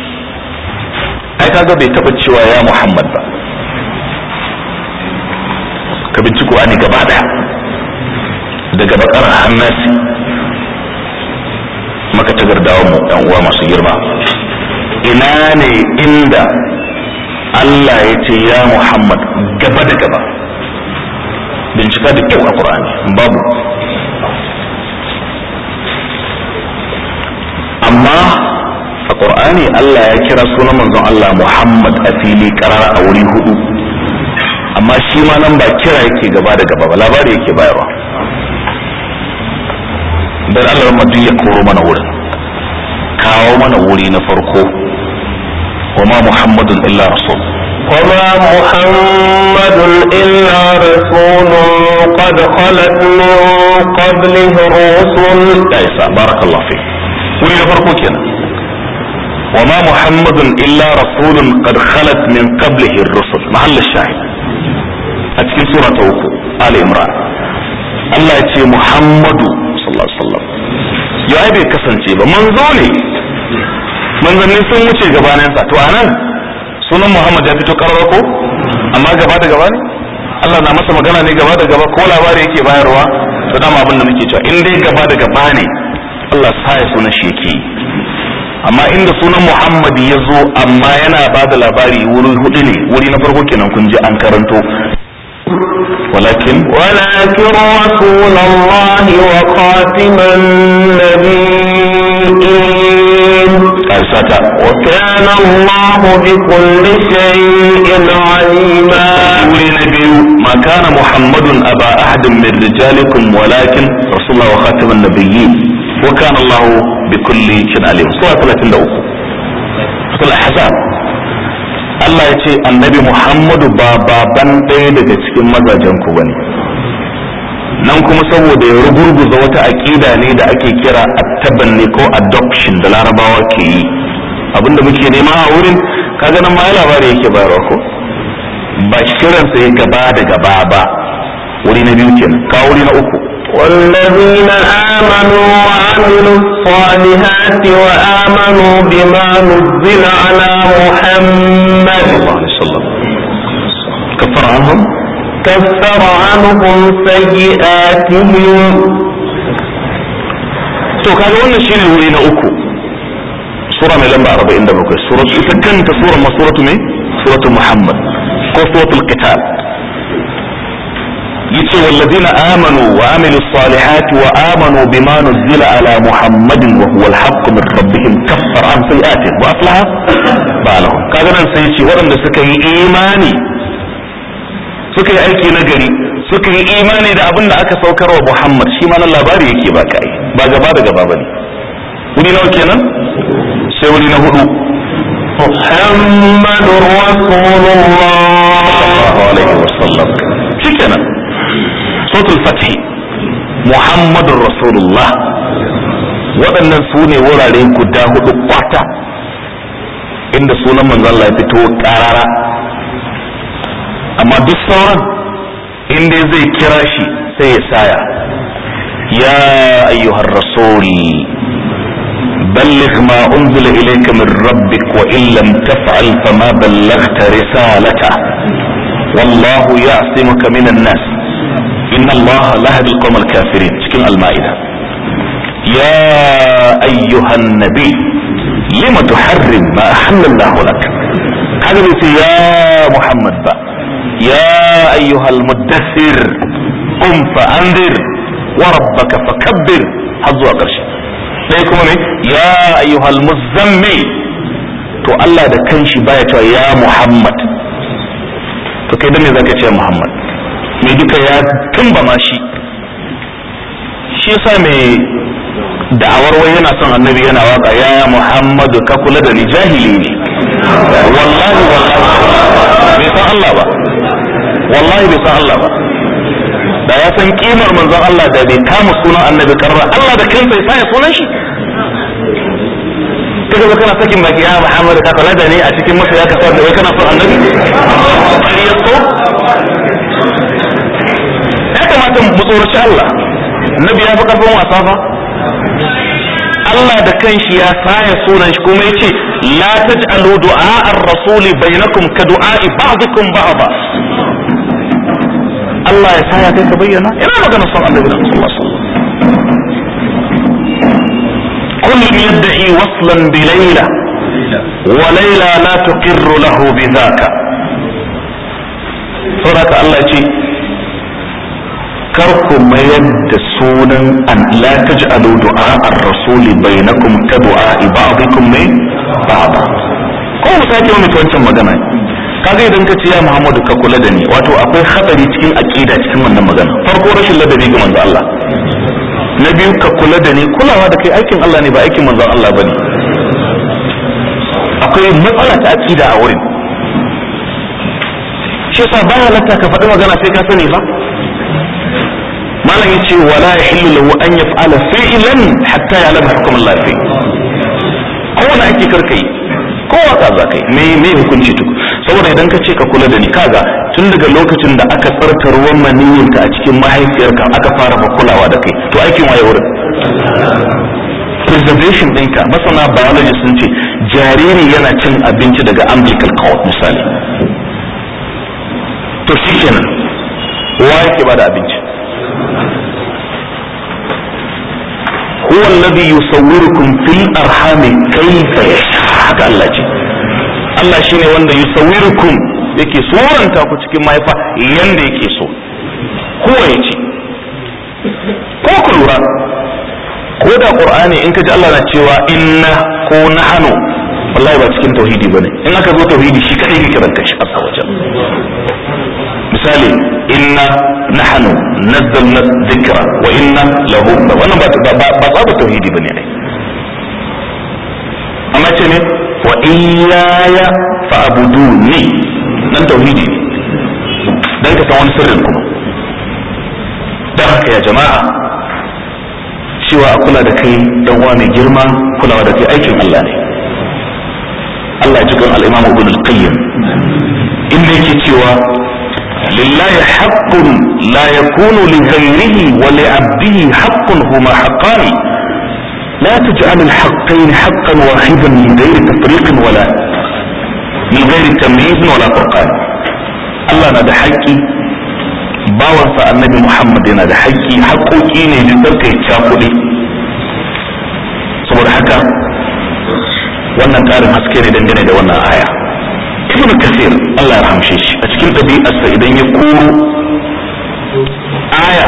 ai kaga bai taba cewa ya Muhammad ba ka binciko ne gaba daya daga bakarar hannasi maka tagardawa mu yan uwa masu girma ina ne inda Allah ya ce ya Muhammad gaba da gaba bincika da kyau a Qur'ani babu qur'ani Allah ya kira sunan manzon Allah Muhammad a fili karara a wuri hudu amma shi ma nan ba kira yake gaba da gaba ba labari yake bayarwa dan Allah mutum ya koro mana wurin kawo mana wuri na farko wama Muhammadun illa rasul وما محمد إلا رسول قد خلت من قبله الرسل. بارك الله فيك. ولي فرقوا كنا. وما محمد إلا رسول قد خلت من قبله الرسل محل الشاهد أتكين سورة أوكو آل إمران الله يتي محمد صلى الله عليه وسلم يا أبي كسن تيبا منظوني manzanni sun wuce gabaninsa to anan sunan Muhammad ya fito karara ko amma gaba da gaba Allah na masa magana ne gaba da gaba ko labari yake bayarwa da dama abin da muke cewa in dai gaba da gaba ne Allah sa ya sunan shi yake amma inda sunan Muhammad ya zo amma yana ba da labari wuri hudu ne wuri na farko kenan kun ji an karanto ولكن ولكن رسول الله وخاتم النبيين وكان الله بكل شيء عليما ما كان محمد أبا أحد من رجالكم ولكن رسول الله وخاتم النبيين wa kana Allah bi kulli shin alim sura 33 sura ahzab Allah ya ce annabi Muhammadu ba baban ɗaya daga cikin mazajenku bane nan kuma saboda ya rugurguza wata aƙida ne da ake kira attabanni ko adoption da larabawa ke yi abinda muke nema a wurin kaga nan ma ya labari yake bayarwa ko ba shirin sai gaba da gaba ba wuri na biyu kenan ka wuri na uku والذين آمنوا وعملوا الصالحات وآمنوا بما نزل على محمد كفر عنهم كفر عنهم سيئاتهم to kaga wannan shine wuri na uku sura mai lamba 47 sura ita kanta sura masuratu ne suratu muhammad ko suratul qital yace wallazina amanu wa amilus salihati wa amanu bima nuzila ala muhammadin wa huwa alhaq min rabbihim kaffara an sayi'atihim wa aslaha kaga nan sai yace waɗanda suka imani suka aiki na gari suka imani da abinda aka saukar wa muhammad shi ma nan labari yake ba kai ba gaba wuri nawa kenan صوت الفتح محمد رسول الله waɗannan sune ne wurare guda hudu kwata inda sunan manzon Allah ya fito karara amma duk sauran inda zai kira shi sai ya saya ya ayyuhar rasuli balligh ma unzila ilayka min rabbik wa in lam taf'al fa ma ballaghta risalata wallahu ya'simuka minan nas إن الله لا يهدي القوم الكافرين شكل المائدة يا أيها النبي لم تحرم ما أحل الله لك هذا يا محمد با. يا أيها المدثر قم فأنذر وربك فكبر حظوا أقرش ليكم إيه؟ يا أيها المزمي تو الله da kanshi baya يا محمد Muhammad to يا محمد mai duka ya tumbama shi shi yasa mai da'awar wai yana son annabi yana waka ya muhammadu ka kula da ni jahili ne wallahi wallahi bai san Allah ba wallahi bai san Allah ba da ya san kimar manzon Allah da bai kama sunan annabi karra Allah da kansa ya sa sunan shi kaga ba kana sakin baki ya Muhammad ka kula da ni a cikin masoya ka sa da wai kana son annabi bari ya so kamata mu Allah annabi ya fi karfin wasa ba. Allah da kanshi ya saya sunan shi kuma ya yace la taj'alu du'a ar-rasul bainakum ka du'a'i ba'dikum ba'da Allah ya saya kai ka bayyana ina magana son annabi sallallahu alaihi wasallam كل يدعي وصلا بليلى وليلى لا تقر له ta Allah ce. kar ku mayar da sunan an la taj'alu du'a ar-rasul bainakum ka du'a ba'dikum ne ba'd ko mu sake mu wancan magana kaga idan ka ce ya Muhammadu ka kula da ni wato akwai hatsari cikin aqida cikin wannan magana farko rashin ladabi ga manzo Allah na biyu ka kula da ni kulawa da kai aikin Allah ne ba aikin manzo Allah bane akwai matsala ta akida a wurin shi yasa ba halatta ka faɗi magana sai ka sani ba malam yace wala yahillu lahu an yaf'ala fi'lan hatta ya'lam hukm Allah fi ko wani ake karkai ko waka za kai me me hukunci tuku saboda idan ka ce ka kula da ni kaga tun daga lokacin da aka tsarta ruwan ka a cikin mahaifiyarka aka fara kulawa da kai to aikin waye wurin preservation ɗinka masana biology sun ce jariri yana cin abinci daga umbilical cord misali to shi kenan wa yake da abinci huwa alladhi yusawwirukum fil arhami kayfa yasha haka Allah ce Allah ne wanda yusawwirukum yake suranta ku cikin mahaifa yanda yake so huwa yace ko ku ko da qur'ani in ka ji Allah na cewa inna ko nahanu wallahi ba cikin tauhidi bane in aka zo tauhidi shi kadai yake kiran a azza wajal misali inna nahnu nazzalna dhikra wa inna lahu wannan ba ba ba ba tauhidi bane ai amma ne wa nan dan ka san sirrin kuma dan haka ya jama'a cewa a kula da kai dan uwa mai girma kulawa da kai aikin Allah ne Allah ya ji kan al-Imam Ibn al-Qayyim inda yake cewa لله حق لا يكون لغيره ولعبده حق هما حقان لا تجعل الحقين حقا واحدا من غير تفريق ولا من غير تمييز ولا فرقان الله نادى حقي باورsa annabi Muhammad yana da haƙƙi haƙoƙi ne da sarka ya cakuɗe saboda haka wannan ƙarin haske ne dangane da wannan aya ibn kasir Allah ya rahamshe shi a cikin ɗabi'arsa idan ya koro aya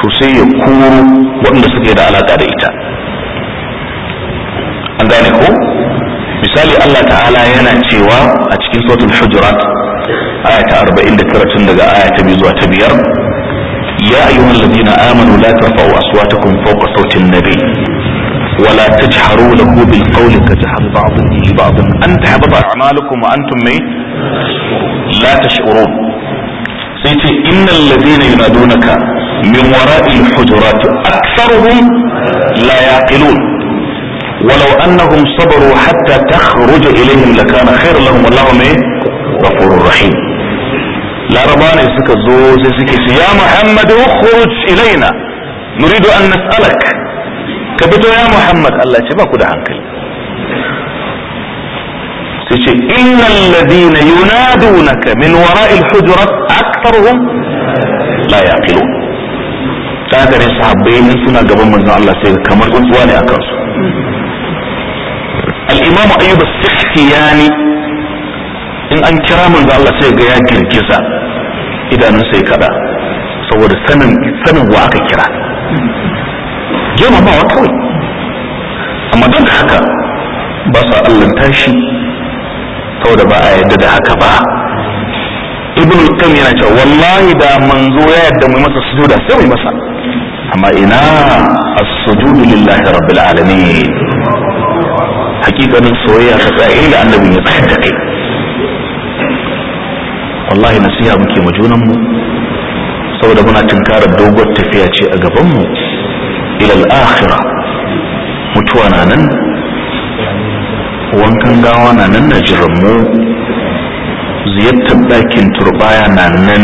to sai ya koro waɗanda suke da alaƙa da ita an gane ko misali Allah ta'ala yana cewa a cikin sautin hujurat aya ta da tun daga aya ta biyu zuwa ta biyar ya ayyuhal ladina amanu la tarfa'u aswatakum fawqa sautin nabi ولا تجهروا له بالقول كجهر بعضه لبعض ان تحبط اعمالكم وانتم مين إيه؟ لا تشعرون سيتي ان الذين ينادونك من وراء الحجرات اكثرهم لا يعقلون ولو انهم صبروا حتى تخرج اليهم لكان خير لهم والله مين إيه؟ غفور رحيم لا ربان يسكت زوز يسكت يا محمد اخرج الينا نريد ان نسألك ka fito ya muhammad Allah ce ba ku da hankali sai ce innal ladina yunadunaka min wara'il hujurat aktharuhum la yaqilun ta gare sahabbai in suna gaban manzon Allah sai kamar tsuntsuwa ne akan su al-imamu ayyub as-sikhtiyani in an kira manzon Allah sai ga ya girgiza idanun sai kada saboda sanin sanin wa aka kira girmamawa kawai amma don da haka ba su allanta shi saboda ba a yadda da haka ba ibn kan yana cewa wallahi da manzo ya yadda mu masa sujuda sai mu masa amma ina as-sujudu lillahi rabbil alamin hakikanin soyayya ta tsaye da annabin ya tsayar da kai wallahi nasiha muke mu junan mu saboda muna tunkarar dogon tafiya ce a gaban mu ila al-akhirah mutuwa na nan wankan gawa na nan na jiran ziyartar ɗakin turbaya na nan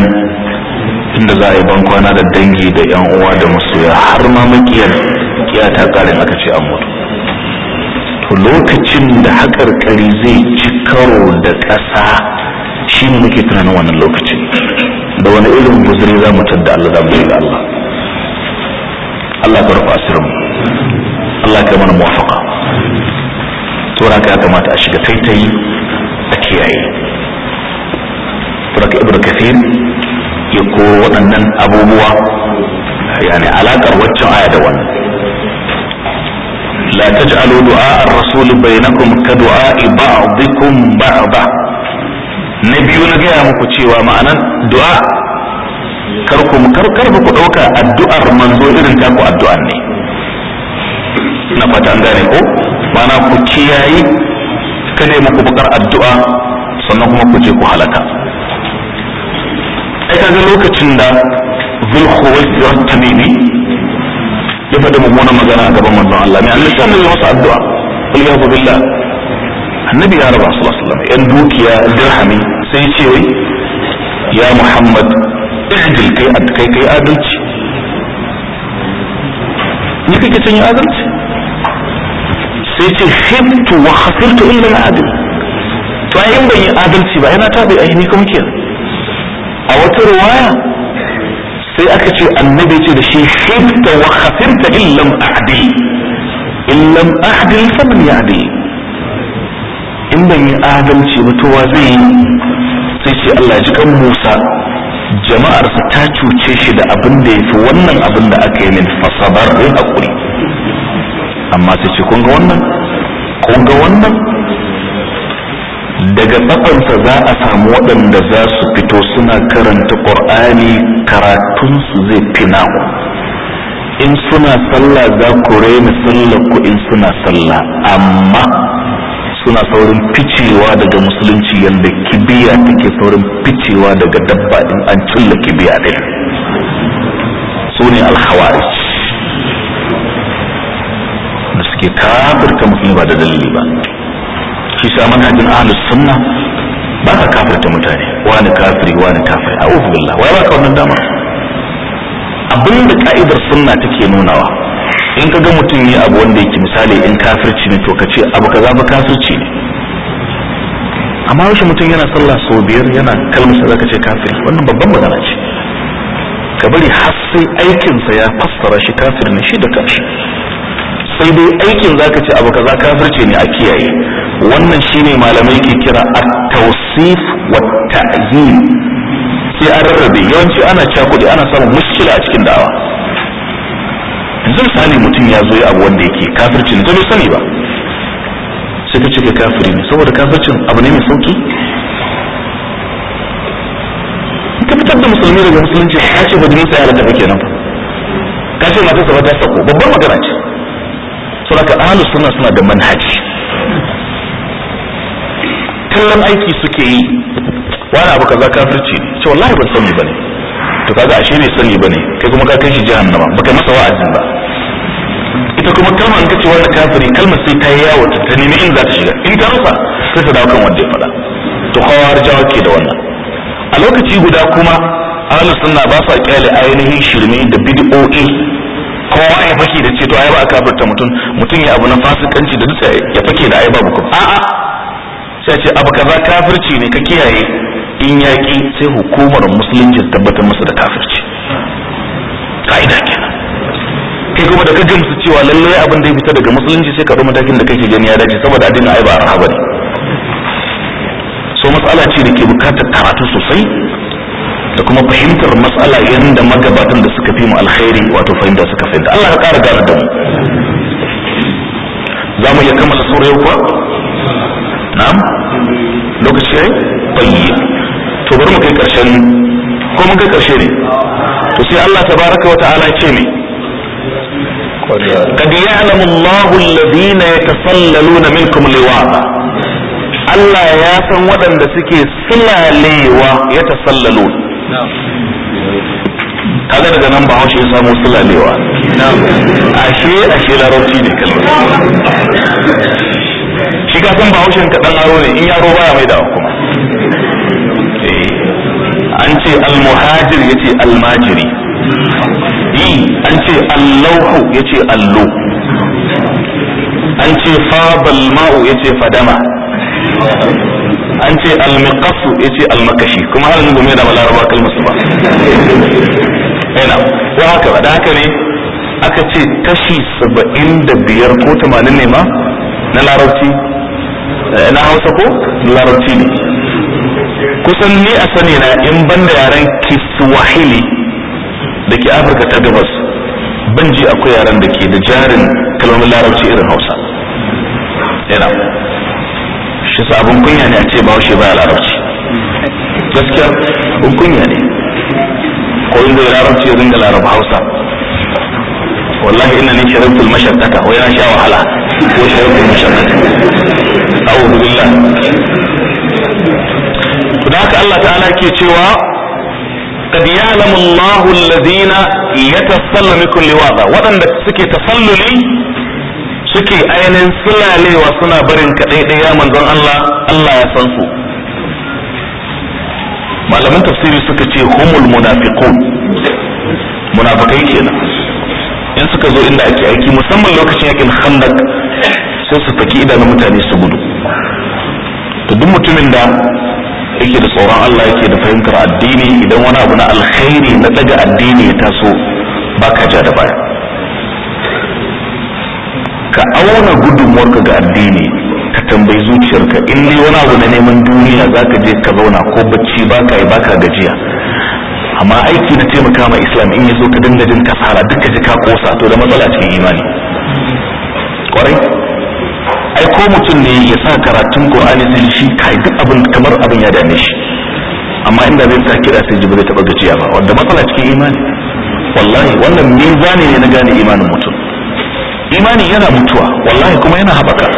inda za a yi bankwana da dangi da yan uwa da masoya har ma makiyar kiya ta ƙarin aka ce an mutu to lokacin da haƙarƙari zai ci karo da ƙasa shi ne muke tunanin wannan lokacin da wani irin guzuri za mu tadda Allah za mu yi Allah Allah ka rufa asirin Allah ka mana muwafaka to ranka ya kamata a shiga taitayi a kiyaye to ibnu kathir ya koro waɗannan abubuwa yani alaƙar waccan aya da wannan du'a تجعلوا bai الرسول بينكم ba بعضكم ba. na biyu na gaya muku cewa ma'anan du'a kar ku kar kar ku dauka addu'ar manzo irin ta ku addu'ar ne na fata an gane ko mana ku kiyayi kada muku bukar addu'a sannan kuma ku je ku halaka ai kaga lokacin da zulhuwaisir tamimi ya faɗi mummunan magana a gaban manzon Allah ne Allah sai ya masa addu'a qul ya billah annabi ya rabu sallallahu alaihi wasallam yan dukiya dirhami sai ce ya muhammad ijil kai kai adalci ni kake son yi adalci sai ce hibtu wa khasirtu illa al-adl in ban yi adalci ba yana tabi ai ni kuma a wata ruwaya sai aka ce annabi ce da shi hibta wa khasirta illa al-adl illa al in ban adalci ba sai Allah kan Musa jama'arsa ta cuce shi da abin da ya fi wannan abin da aka yi min fasabar yin hakuri amma sai ce kun ga wannan kun ga wannan daga babansa za a samu waɗanda za su fito suna karanta ƙur'ani karatunsu zai fi naku in suna sallah za ku raina sallar ku in suna sallah amma suna saurin ficewa daga musulunci yadda kibiya take saurin ficewa daga dabba in an cilla kibiya ɗin su ne alhawarij da suke kafirta mutum ba da dalili ba shi sa manhajin ahlus sunna ba ka kafirta mutane wani kafiri wani kafiri a'udhu billah wai ba ka wannan dama abinda ka'idar sunna take nunawa in ka ga mutum yi abu wanda yake misali in kafirci ne to ka ce abu kaza ba kafirci ne amma wasu mutum yana sallah sau biyar yana kalmasa za ka ce kafiri wannan babban magana ce ka bari har sai aikinsa ya fassara shi kafir ne shi da kashi sai dai aikin za ka ce abu kaza kafirci ne a kiyaye wannan shi ne malamai ke kira a tausif wa ta'yin sai an rarrabe yawanci ana cakuɗe ana samun mushkila a cikin da'awa yanzu sani mutum ya zo ya abu wanda yake kafirci ne zai sani ba sai ka ce ka kafiri ne saboda kafircin abu ne mai sauki ka fitar da musulmi daga musulunci ka ce ba jinin sa ya rada kenan ka ce matarsa ba ta sako babbar magana ce saboda ka ahalu suna suna da manhaji kallon aiki suke yi wani abu kaza kafirci ne ce wallahi ban sani ba ne. to kaga ashe bai sani ba ne, kai kuma ka kai shi Ba baka masa wa'azin ba ita kuma kalma ka ce wannan kafiri kalmar sai ta yi yawo ta nemi in za ta shiga in ta rasa sai ta dawo kan wanda ya faɗa to kawar jawa ke da wannan a lokaci guda kuma ahlu sunna ba sa kyale ainihin shirme da bid'o'i kowa ya fake da ce to ai ba a kafirta mutum mutum ya abu na fasikanci da dutse ya fake da ai ku a a'a sai ce abu kaza kafirci ne ka kiyaye in yaƙi sai hukumar musulunci tabbatar masa da kafirci ka'ida ke kai kuma da ka gamsu cewa lallai abin da ya fita daga musulunci sai ka zo matakin da kake gani ya dace saboda addinin ai ba a rahaba ne so matsala ce da ke bukatar karatu sosai da kuma fahimtar matsala yadda magabatan da suka fi mu alkhairi wato fahimta suka fahimta Allah ya ƙara gane da mu za mu iya kammala sura yau kuwa na'am lokaci yayi bayyi to bari mu kai karshen ko mun kai karshe ne to sai Allah tabaraka wa ta'ala ce ne قد يعلم الله الذين يتسللون منكم لواء Allah ya san waɗanda suke sulalewa ya tasallalu kaga daga nan bahaushe ya samu sulalewa ashe ashe larabci ne kalmar shi ka san bahaushen kaɗan aro ne in yaro baya mai da kuma an ce almuhajir ya ce almajiri yi an ce allahu ya ce allo an ce fabal ma'u ya ce fadama an ce almakasu ya ce almakashi kuma halin gome da balaraba kalmasu su ba yana ko haka ba da haka ne aka ce kashi saba'in da biyar ko tamanin ne ma na larabci eh, na hausa ko larabci ne kusan ni a sani na in banda yaren kiswahili da ke afirka ta gabas ban ji akwai yaran da ke da jarin kalmomin larabci irin hausa yana shi sabon abin kunya ne a ce ba shi baya larabci gaskiya abin kunya ne ko inda ya larabci ya da larab hausa wallahi ina ne sharabtul mashaqqata wa yana sha wahala ko shirin mashaqqata a'udhu abubuwan da Allah ta'ala ke cewa قد يعلم الله الذين يتسلل من كل واضع وأن سكي تسللي سكي أين سلالي وسنا برن كأيدي يا من ذن الله الله يسنسو ما لم تفسيري سكتي هم المنافقون منافقين كنا in suka zo inda ake aiki musamman lokacin yakin khandak sai su faki idanun mutane su gudu to duk mutumin da yake da tsoron Allah yake da fahimtar addini idan wani abu na alkhairi na daga addini ya taso ba ka ja da baya ka auna gudunmuwarka ga addini ka tambayi zuciyarka in ne wani abu na neman duniya za ka je ka zauna ko bacci ba ka yi ba ka gajiya amma aiki na taimaka ma islam in ya zo ka dinga jin kasala duka ji ka kosa to da matsala cikin imani kwarai ai ko mutum ne ya sa karatun qur'ani sai shi kai duk abin kamar abin ya dame shi amma inda zai sa kira sai jibril taba gajiya ba wanda matsala cikin imani wallahi wannan mizani ne na gane imanin mutum imani yana mutuwa wallahi kuma yana habaka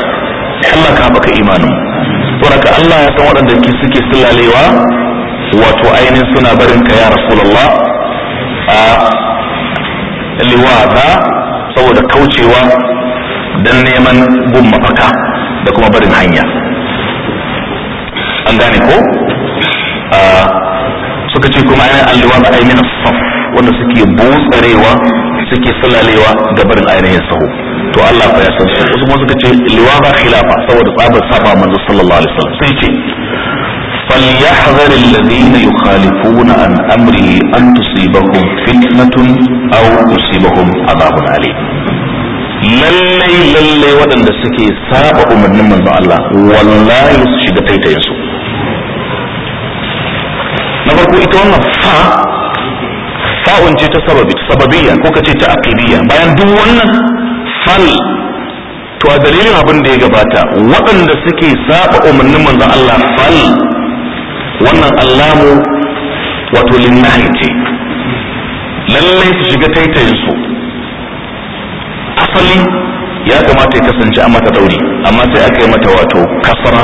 Allah ka habaka imanin saboda Allah ya san waɗanda suke sallalewa wato ainihin suna barin ka ya rasulullah a liwaza saboda kaucewa don neman gun mafaka da kuma barin hanya an gane ko ah, suka ce kuma ainihin alluwa da ainihin saf wanda suke botsarewa suke sulalewa da barin ainihin sahu to Allah ya san su wasu kuma suka ce liwa ba khilafa saboda tsabar saba manzo sallallahu alaihi wasallam sai ce فليحذر الذين يخالفون عن أمره أن تصيبهم فتنة أو يصيبهم عذاب أليم lallai lallai waɗanda suke saba umarnin manzon Allah wallahi su shiga taitayen su na farko ita wannan fa fa'un ce ta sababi sababiyya ko kace ta aqidiyya bayan duk wannan fal to a dalilin abin da ya gabata waɗanda suke saba umarnin manzon Allah fal wannan allamu wato linnahi ce lallai su shiga taitayen su asali ya kamata ya kasance a mata dauri amma sai aka yi mata wato kasara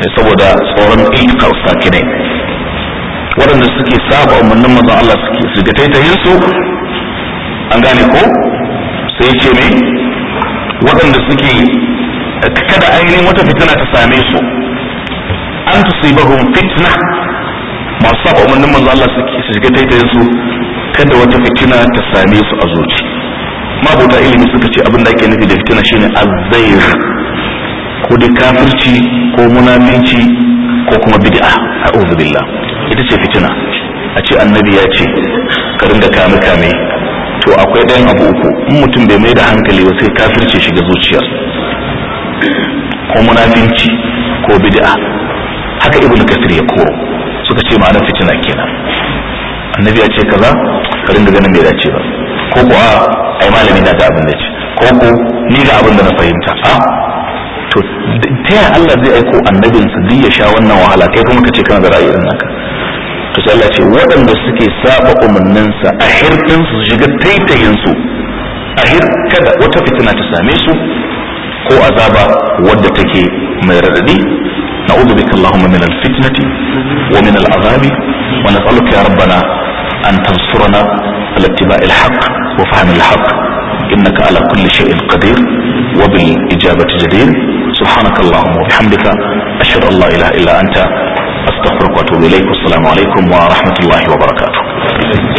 eh, saboda tsoron ilkar sakinai waɗanda suke saba umarnin mazan Allah suke su ga taitayin su an gane ko sai ce ne waɗanda suke eh, kada ainihin wata fitina ta same su an tusibahum fitina, masu saba umarnin mazan Allah su shiga taitayin su kada wata fitina ta same su a zuci mabuta ilimi suka ce abin da ake nufi da fitina shine azzair ko dai kafirci ko munafici ko kuma bid'a a'udhu billah ita ce fitina a ce annabi ya ce ka ringa kame kame to akwai ɗayan abu uku in mutum bai mai da hankali ba sai kafirci shiga zuciya ko munafinci ko bid'a haka ibn kasir ya koro suka ce ma'anar fitina kenan annabi ya ce kaza ka ringa ganin bai dace ba ko ko a ai malami na da abin da ce ko ko ni da abin da na fahimta a to ta yaya Allah zai aiko annabin su ya sha wannan wahala kai kuma ka ce kana da ra'ayin naka to sai Allah ce waɗanda suke saba umarninsa a hirdin su shiga taitayin su a kada wata fitina ta same su ko azaba wadda take mai radadi na'udhu bika Allahumma min al-fitnati wa min al-azabi wa nas'aluka ya rabbana أن تنصرنا على اتباع الحق وفهم الحق إنك على كل شيء قدير وبالإجابة جدير سبحانك اللهم وبحمدك أشهد أن لا إله إلا أنت أستغفرك وأتوب إليك والسلام عليكم ورحمة الله وبركاته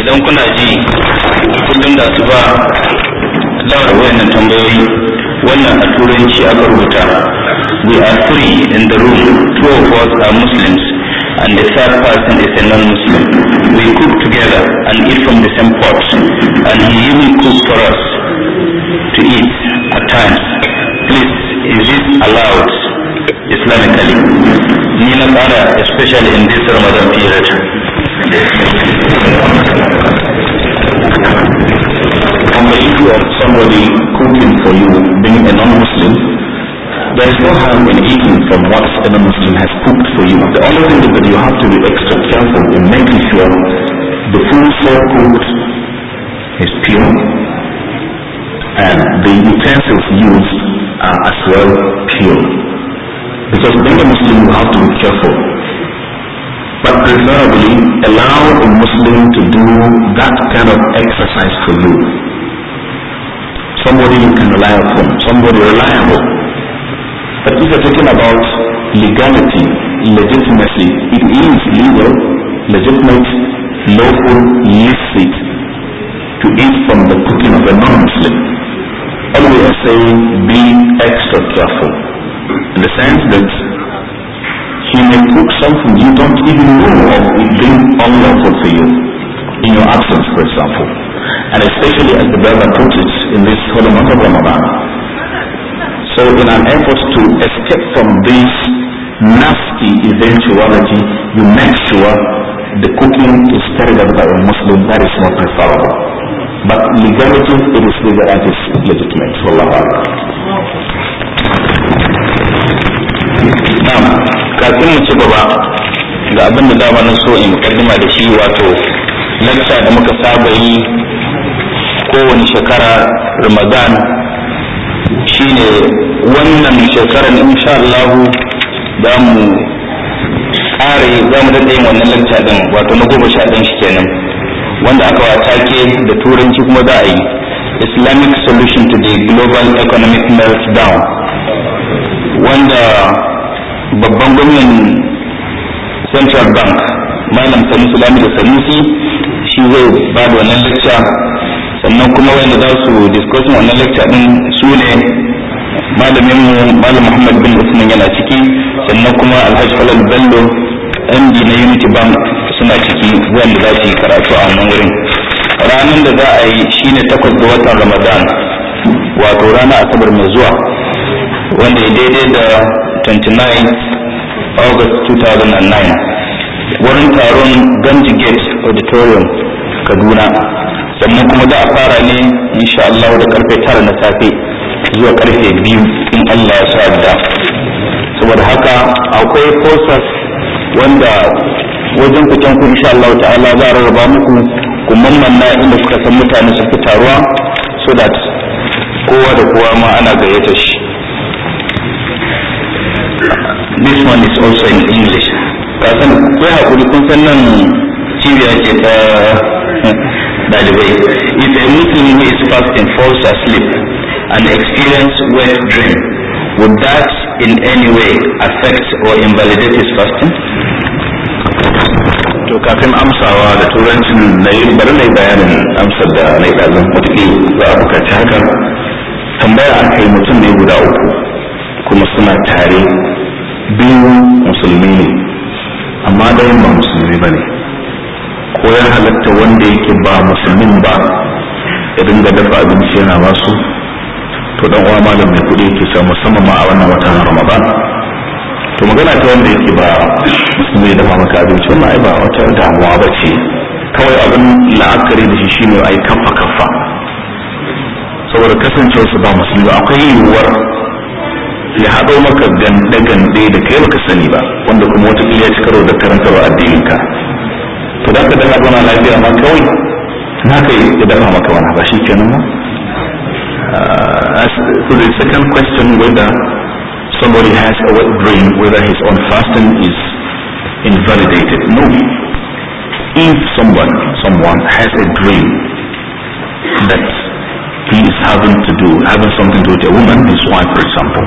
إذا كنا جي كل من أتباع ba وين wayannan tambayoyi wannan شيء turanci بتاع rubuta we are free in the room two of us muslims and the third person is a non-Muslim. We cook together and eat from the same pot and he even cooks for us to eat at times. Please, is this allowed Islamically? Nina Qara, especially in this Ramadan period. Only if you are somebody cooking for you, being a non-Muslim, there is no harm in eating from what another muslim has cooked for you. The only thing is that you have to be extra careful in making sure the food so cooked is pure and the utensils used are as well pure. Because being a Muslim, you have to be careful. But preferably, allow a Muslim to do that kind of exercise for you. Somebody you can rely upon, somebody reliable but if you're talking about legality, legitimacy, it is legal, legitimate, lawful, licit to eat from the cooking of a non-Muslim. And we are saying be extra careful in the sense that he may cook something you don't even know of being unlawful for you in your absence, for example. And especially as the brother puts it in this holy month of Ramadan, So in an effort to escape from this nasty eventuality, you make sure the cooking is carried out by a Muslim. That is more preferable. But legality, it is legal and it is legitimate. Wallahu Now, kafin mu ci gaba ga abin da dama na so in mukaddima da shi wato lakta da muka saba yi kowane shekara Ramadan shine wannan shekarar insha Allah da mu kare za mu daɗe wannan lacca ɗin wato na goma sha ɗin shi kenan wanda aka wa take da turanci kuma za a yi islamic solution to the global economic meltdown wanda babban gwamnan central bank malam sanusi lami sanusi shi zai ba da wannan lacca sannan kuma wanda za su discussion wannan lecture din su ne malamin mu malam Muhammad bin Usman yana ciki sannan kuma Alhaji Falal Bello MD na Unity Bank suna ciki wanda za su yi karatu a wannan wurin ranar da za a yi shine takwas ga watan Ramadan wato rana asabar mai zuwa wanda ya daidai da 29 August 2009 wurin taron Ganji Gate Auditorium Kaduna sannan kuma za a fara ne insha Allah da karfe tara na safe zuwa karfe biyu in Allah ya sa da saboda haka akwai process wanda wajen kutan ku insha Allah ta'ala za a rarraba muku kuma manna inda kuka san mutane su fi taruwa so that kowa da kowa ma ana gayyata shi this one is also in English ka san kai hakuri kun san nan cibiya ce ta by the way, if a Muslim who is fasting falls asleep and experiences wet dream, would that in any way affect or invalidate his fasting? to kafin amsawa da turancin na yi bari na yi bayanin amsar da na yi ɗazin wataƙi za a bukaci hakan tambaya a kai mutum ne guda uku kuma suna tare biyu musulmi ne amma dai ba musulmi ba ne ko ya halatta wanda yake ba musulmin ba ya dinga dafa abinci yana ba su to dan uwa malam mai kuɗi yake sa musamman ma a wannan watan ramadan to magana ta wanda yake ba musulmi dafa maka abinci wannan ai ba wata damuwa ba ce kawai abin la'akari da shi shine ai kafa kafa saboda kasancewa su ba musulmi akwai yiwuwar ya haɗo maka gande-gande da kai baka sani ba wanda kuma wata ya ci karo da addinin ka. to da ka dan zauna lafiya ma kawai na kai ya dafa maka wani ba shi kenan ba to the second question whether somebody has a wet dream whether his own fasting is invalidated no if someone someone has a dream that he is having to do having something to do with a woman his wife for example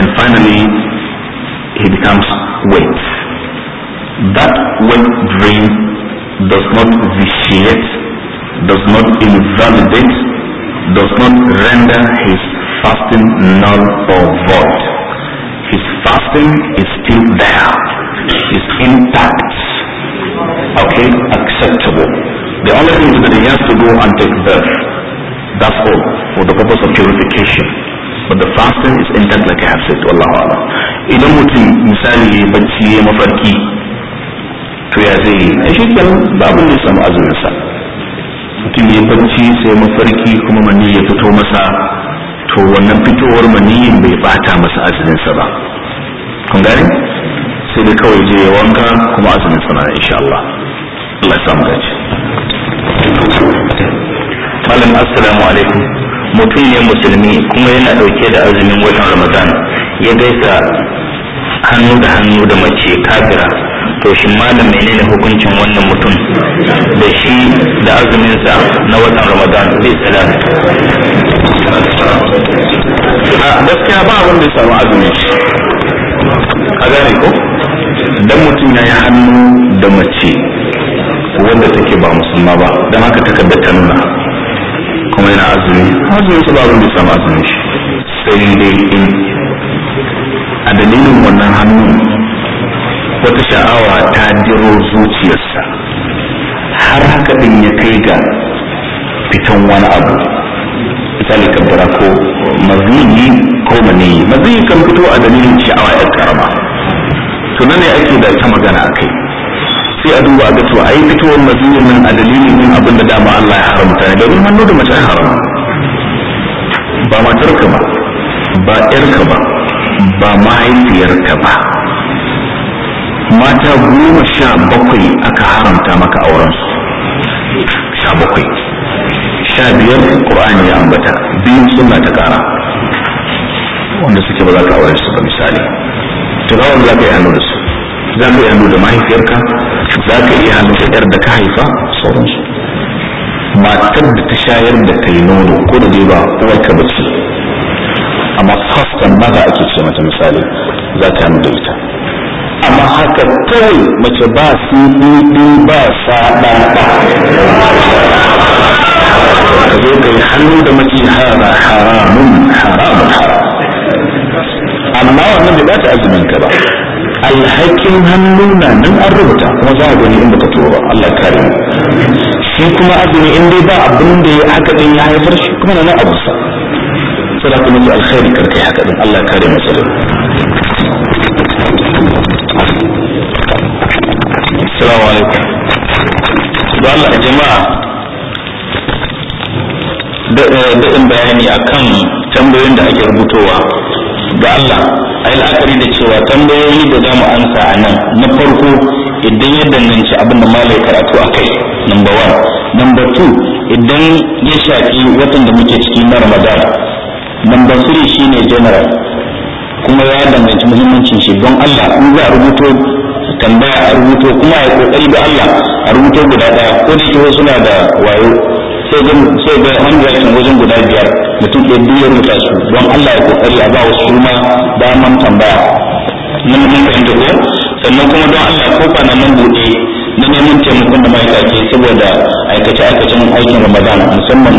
and finally he becomes wet that one dream does not vitiate, does not invalidate, does not render his fasting null or void. His fasting is still there. His impact, okay, acceptable. The only thing is that he has to go and take birth. That's all, for the purpose of purification. But the fasting is intact like I have said, to Allah. to ya zai yi a shekar babu ne samu azuminsa mutum ya barci sai mafarki kuma mani ya fito masa to wannan fitowar maniyin bai bata masa azuminsa ba kun gane sai da kawai je ya wanka kuma azuminsa na insha Allah Allah ya samu dace malam assalamu alaikum mutum ne musulmi kuma yana dauke da azumin watan ramadan ya gaisa hannu da hannu da mace kafira to shi malam menene hukuncin wannan mutum da shi da azumin sa na wannan ramadan bai salam a gaskiya ba wanda ya samu azumin shi a gane ko dan mutum ya yi hannu da mace wanda take ba musulma ba dan haka takardar ta nuna kuma yana azumi azumin su ba wanda ya samu azumin shi sai dai in a dalilin wannan hannun wata sha'awa ta diro zuciyarsa har haka din ya kai ga fitan wani abu misali kabbara ko maziyi ko maniyi maziyi kan fito a dalilin sha'awa ya karama to nan ne ake da ta magana a kai sai a duba a ga to ai fitowar maziyin nan a dalilin din abin da dama Allah ya haramta ne domin hannu da mace haram ba matarka ba ba 'yarka ba ba mahaifiyarka ba mata goma sha bakwai aka haramta maka auren sha bakwai sha biyar ƙur'ani ya ambata biyun suna ta ƙara wanda suke ba za ka aure su ba misali to za ka yi hannu da su za ka yi hannu da mahaifiyarka za ka iya hannu da yar da ka haifa sauransu matar da ta shayar da kai nono ko da dai ba uwar ka ce amma kwastan maza ake ce mata misali za ta hannu da ita amma haka kawai mace ba su buɗe ba sa ba ka zo ka hannu da mace hara haramun haramun haram amma wannan bai ta azumin ka ba alhakin hannu na nan an rubuta kuma za a gani in baka tuba Allah ya kare shi kuma azumi in dai ba abin da ya haka din ya haifar shi kuma na nan abusa sadaka mutu alkhairi karkai haka din Allah ya kare matsalolin assalamu alaikum da Allah jama'a eh, daɗin bayani akan tambayoyin da ake rubutowa ga Allah a yi la'akari da cewa tambayoyi da zamu ansa a nan na farko idan ya danganci abin da malai karatu a kai number one number two idan ya shafi watan da muke ciki na ramadan number three shine general kuma ya danganci muhimmancin shi don Allah in za a rubuto tambaya a rubuto kuma ya kokari da Allah a rubuto guda daya ko da yake suna da wayo sai ga handwriting wajen guda biyar mutum ke biyar ya rubuta su don Allah ya kokari a ba wasu suma daman tambaya mun mun fahimta ko sannan kuma don Allah ko kwana nan buɗe na neman taimakon da mai ke saboda aikace-aikacen aikin Ramadan musamman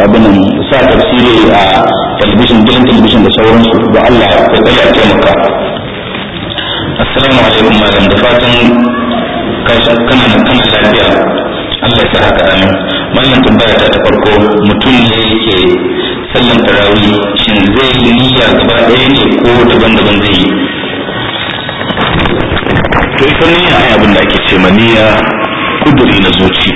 abin sa tafsiri a talabijin gidan talabijin da sauransu da Allah ya kokari a taimaka assalamu alaikum malam da fatan kana da kana lafiya Allah ya sa haka amin mallan tambaya ta ta farko mutum ne yake sallan tarawih shin zai yi niyya gaba ɗaya ne ko daban-daban zai yi to ita niyya ai abin da ake ce niyya kuduri na zuci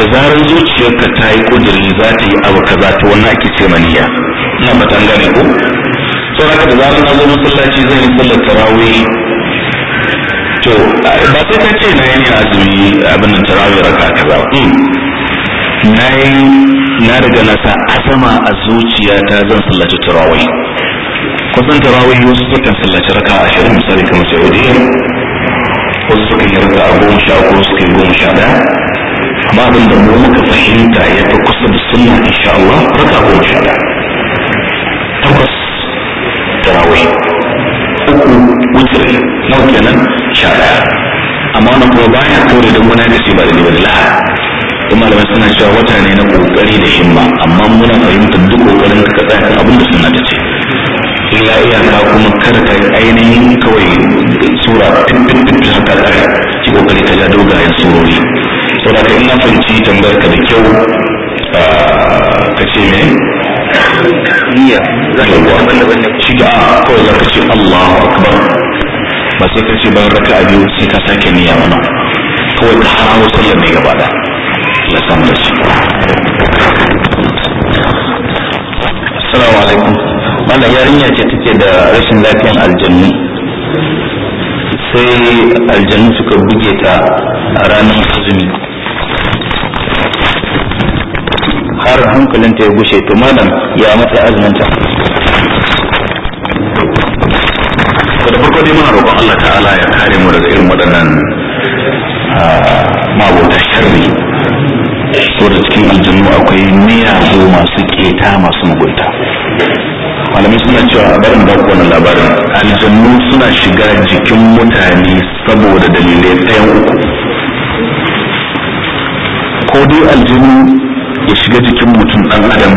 da zarar zuciyarka ta yi kuduri za ta yi abu kaza to wannan ake ce niyya ina ba gane ko saboda da zaran na zo masallaci zan yi sallar tarawih to ba sai ka ce na yi ne azumi abin nan tarawih raka kaza hmm. na yi na riga na sa asama a zuciyata zan sallaci tarawih kusan tarawih wasu sukan sallaci raka shirin misali kamar saudiya wasu sukan yi raka goma sha ko wasu sukan goma sha ɗaya amma abin da mu muka fahimta ya fi kusa da sunna insha Allah raka goma sha ɗaya tarawih uku wutar nau kenan sha daya amma wannan kuma baya kore don muna da shi ba da ne bane la'a kuma malamai suna cewa wata ne na kokari da himma amma muna fahimtar duk kokarin ka tsaya kan abin da suna ta ce illa iyaka kuma kar ka ainihin kawai sura fififif haka tsaya ki kokari ka ja dogayen surori saboda ka ina fahimci tambayar ka da kyau ka ce ne niyya za ka yi shi ah, kawai za ka ce akbar ba sai ka ce raka biyu sai ka sake niyya mana kawai ka sallar gaba da samu da shi assalamu alaikum wannan yarinya ce take da rashin lafiyan aljannu sai aljannu suka buge ta a ranar azumi har hankalinta ya gushe to malam ya mata azumin ta da farko dai muna roƙon Allah ta'ala ya kare mu daga irin waɗannan mabota sharri ko da cikin aljannu akwai miyagu masu keta masu mugunta malamai suna cewa a barin baku wannan labarin aljannu suna shiga jikin mutane saboda dalilai ɗayan uku ko dai aljanu ya shiga jikin mutum dan adam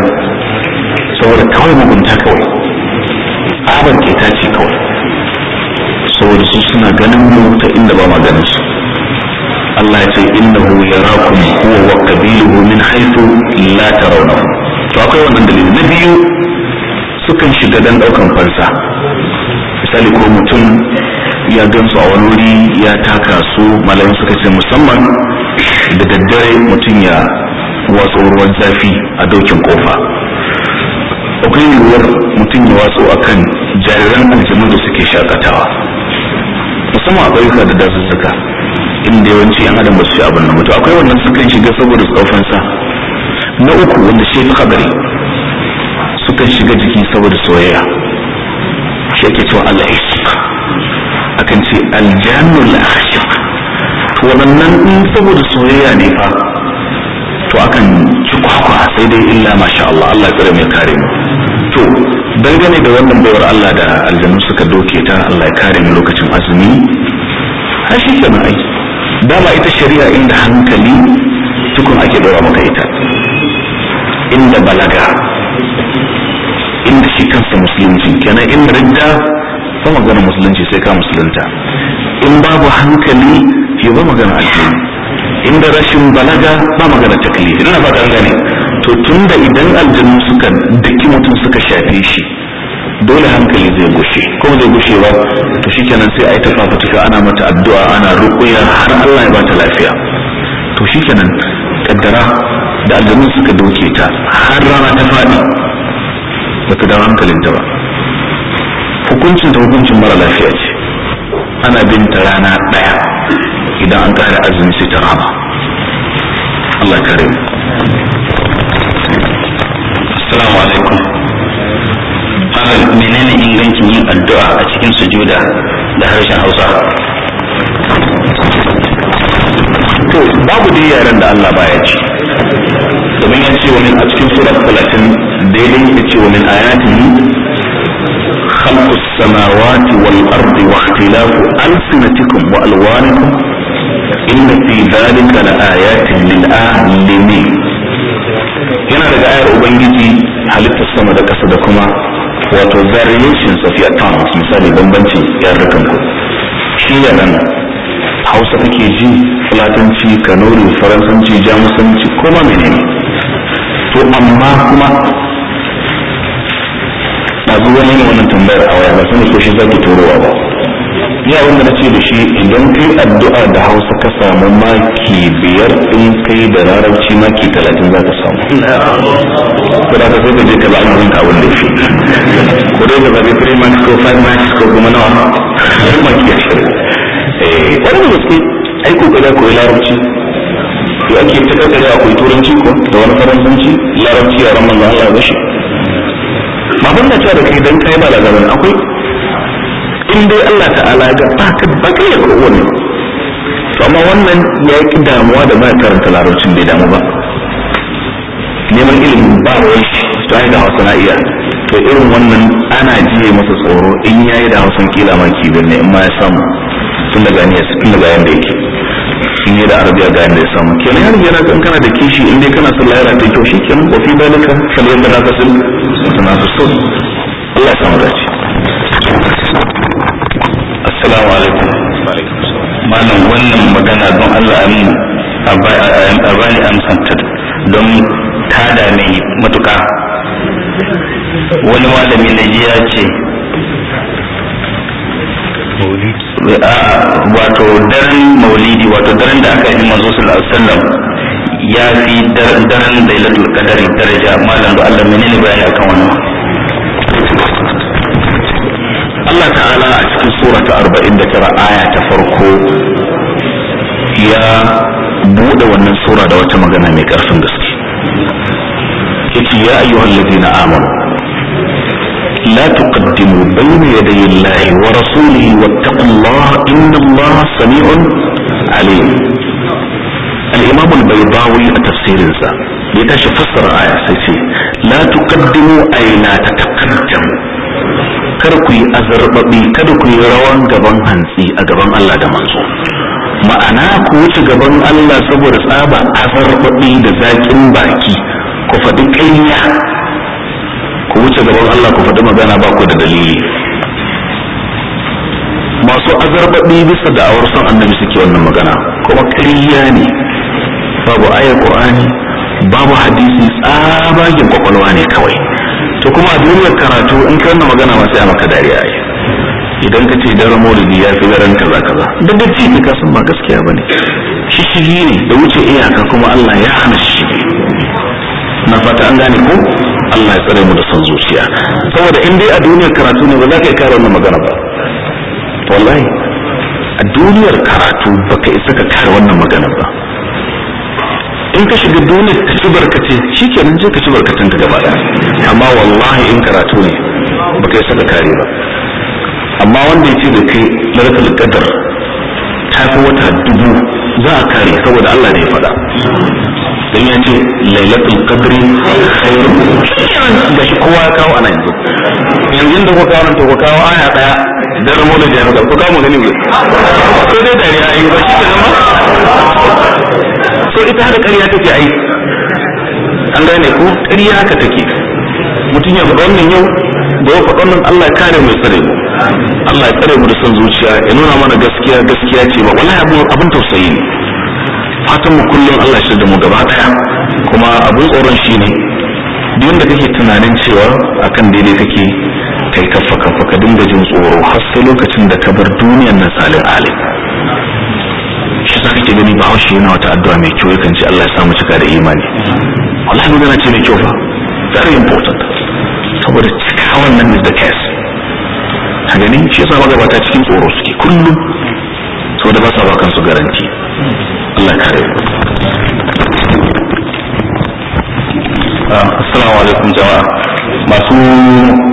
saboda kawai mugunta kawai tsabar keta ce kawai saboda su suna ganin mu ta inda ba ma ganin su Allah ya ce innahu yarakum huwa wa qabiluhu min haythu la rauna to akwai wannan dalili na biyu sukan shiga dan daukan fansa misali ko mutum ya gansu a wani wuri ya taka su malamin suka ce musamman da daddare mutum ya watsa ruwan zafi a dokin kofa akwai yiwuwar mutum ya watsa a kan jariran aljanu da suke shakatawa musamman a bayyuka da suka inda yawanci yan adam ba su abin da mutu akwai wannan sukan shiga saboda sa na uku wanda shi fi kabari sukan shiga jiki saboda soyayya shi ake cewa Allah ya akan ce aljanul akhir to wannan in saboda soyayya ne fa to akan ci kwakwa sai dai illa masha Allah Allah tsare mai kare mu to dangane da wannan baiwar Allah da aljanu suka doke ta Allah ya kare mu lokacin azumi har shi kenan ai dama ita shari'a inda hankali tukun ake daura maka ita inda balaga inda shi kansa musulunci kenan in ridda ba magana musulunci sai ka musulunta in babu hankali ya ba magana aljanu inda rashin balaga ba magana ta kalli taklifi ba ta gane to tunda idan aljanu suka daki mutum suka shafe shi dole hankali zai gushe ko zai gushe ba to shikenan sai a yi tafafa tuka ana mata addu'a ana rukuya har Allah ya bata lafiya to shikenan kaddara da aljanu suka doke ta har rana ta fadi da dawo ta ba hukuncin ta hukuncin mara lafiya ce ana binta rana ɗaya. idan an kare azumi sai ta rama Allah kare mu assalamu alaikum malam menene ingancin yin addu'a a cikin sujuda da harshen Hausa to babu dai yaran da Allah baya ci domin ya ce wani a cikin sura 30 daidai ya ce wani ayatin خلق السماوات والأرض واختلاف ألسنتكم وألوانكم إن في ذلك لآيات للآلمين yana daga ayar ubangiji halittar sama da ƙasa da kuma wato variations of your tongues misali bambancin yarrukan ku shi nan hausa kake ji fulatanci kanuri faransanci jamusanci kuma menene to amma kuma ɗazu wani ne wannan tambayar a waya ba sani ko shi zaki turowa ba ni abin da nace da shi idan kai addu'a da hausa ka samu maki biyar in kai da larabci maki talatin za ka samu kuma da ka sai ka je ka ba'a mun abin da shi ko dai ka zabi three marks ko five marks ko kuma nawa maki ashirin eh wani da gaske ai ko koyi larabci to ake ta kakare akwai turanci ko da wani faransanci larabci a ramar Allah ya bashi ba cewa da kai dan kai ba da gaban akwai in dai Allah ta'ala ga ba ka ba kai ko wani to amma wannan ya yi damuwa da ba karanta larabcin bai damu ba neman ilimin ba wai to ai da hausa iya to irin wannan ana jiye masa tsoro in yayi da hausan kila ma kibin ne in ma ya samu tun daga ne tun daga yanda yake in yi da arabiya ga yadda ya samu kenan yana yana kan kana da kishi in dai kana sallah yana ta kyau shi kenan ko fi dalika sallah da naka sun mutuna su so Allah ya samu dace assalamu alaikum malam wannan magana don Allah amin a bani amsanta don tada mai matuka wani malami na ji ya ce wato daren maulidi wato daren da aka yi manzo sallallahu alaihi wasallam ya fi daren lailatul qadari daraja malam da Allah menene bayani akan wannan Allah ta'ala a cikin sura ta 49 aya ta farko ya bude wannan sura da wata magana mai karfin gaske yace ya ayyuhallazina amanu لا تقدموا بين يدي الله ورسوله واتقوا الله إن الله سميع عليم الإمام البيضاوي تفسير ذا يتاش فسر آية سيتي لا تقدموا أي لا تتقدموا kar ku yi azarbabi kada ku yi rawan gaban hantsi a gaban Allah da manzo ma'ana ku wuce gaban Allah saboda tsaba azarbabi da zaƙin baki ku faɗi ƙarya ku wuce gaban Allah ku faɗi magana ba ku da dalili masu azarbaɗi bisa da'awar son annabi suke wannan magana kuma kariya ne babu ayar qur'ani babu hadisi tsabagen kwakwalwa ne kawai to kuma a duniyar karatu in ka wannan magana ba sai a maka dariya ai idan ka ce daren maulidi ya fi daren kaza kaza duk da ce ka san ba gaskiya bane shishigi ne da wuce iyaka kuma Allah ya hana shishigi na fata an gane ko Allah ya tsare mu da son zuciya saboda in dai a duniyar karatu ne ba za ka yi kare wannan magana ba wallahi a duniyar karatu ba ka isa ka kare wannan magana ba in ka shiga duniyar ka ci barkace nan je ka ci barkacin ka gaba ɗaya amma wallahi in karatu ne ba ka isa ka kare ba amma wanda ya ce da kai laratul kadar ta fi wata dubu za a kare saboda Allah ne ya faɗa don ya ce lailatul qadri khairun da shi kowa ya kawo ana yanzu yanzu da ku kawo to ku kawo aya daya da mu da jihar ku kawo mu gani ne ko dai dariya yi ba shi da ma so ita da ƙarya take ai an gane ko ƙarya ka take mutum ya faɗa wannan yau da ya faɗa wannan Allah ya kare mai tsare mu Allah ya tsare mu da san zuciya ya nuna mana gaskiya gaskiya ce ba wallahi abun tausayi ne fatan mu kullum Allah shi da mu gaba daya kuma abun tsoron shi ne duk da kake tunanin cewa akan daidai kake kai kafa kafa ka dinga jin tsoro har sai lokacin da ka bar duniyar nan salin alin shi sa kake gani ba haushi yana wata addu'a mai kyau yakan ce Allah ya samu cika da imani wallahi magana ce mai kyau fa very important saboda cikawan nan is the case ka gani shi yasa magabata cikin tsoro suke kullum saboda ba sa ba kansu garanti Allah kare ah, assalamu alaikum jama'a masu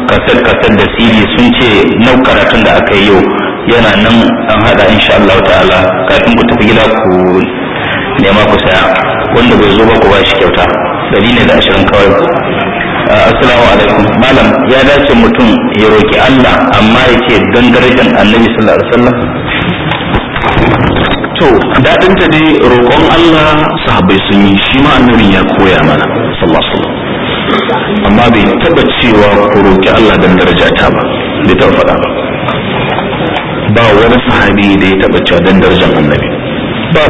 kasar kasar da siri sun ce nau karatun da aka yi yau yana nan an hada insha Allah ta'ala kafin ku tafi gida ku nema ku saya wanda bai zo ba ku ba shi kyauta dari da ashirin kawai ah, assalamu alaikum malam ya dace mutum ya roki Allah amma ya ce don darajar annabi sallallahu alaihi wasallam to daɗin ta dai roƙon Allah sahabbai sun yi shi ma annabi ya koya mana sallallahu alaihi wasallam amma bai taba cewa ku roƙi Allah dan daraja ta ba bai taba faɗa ba ba wani sahabi da ya taba cewa dan darajar annabi Ba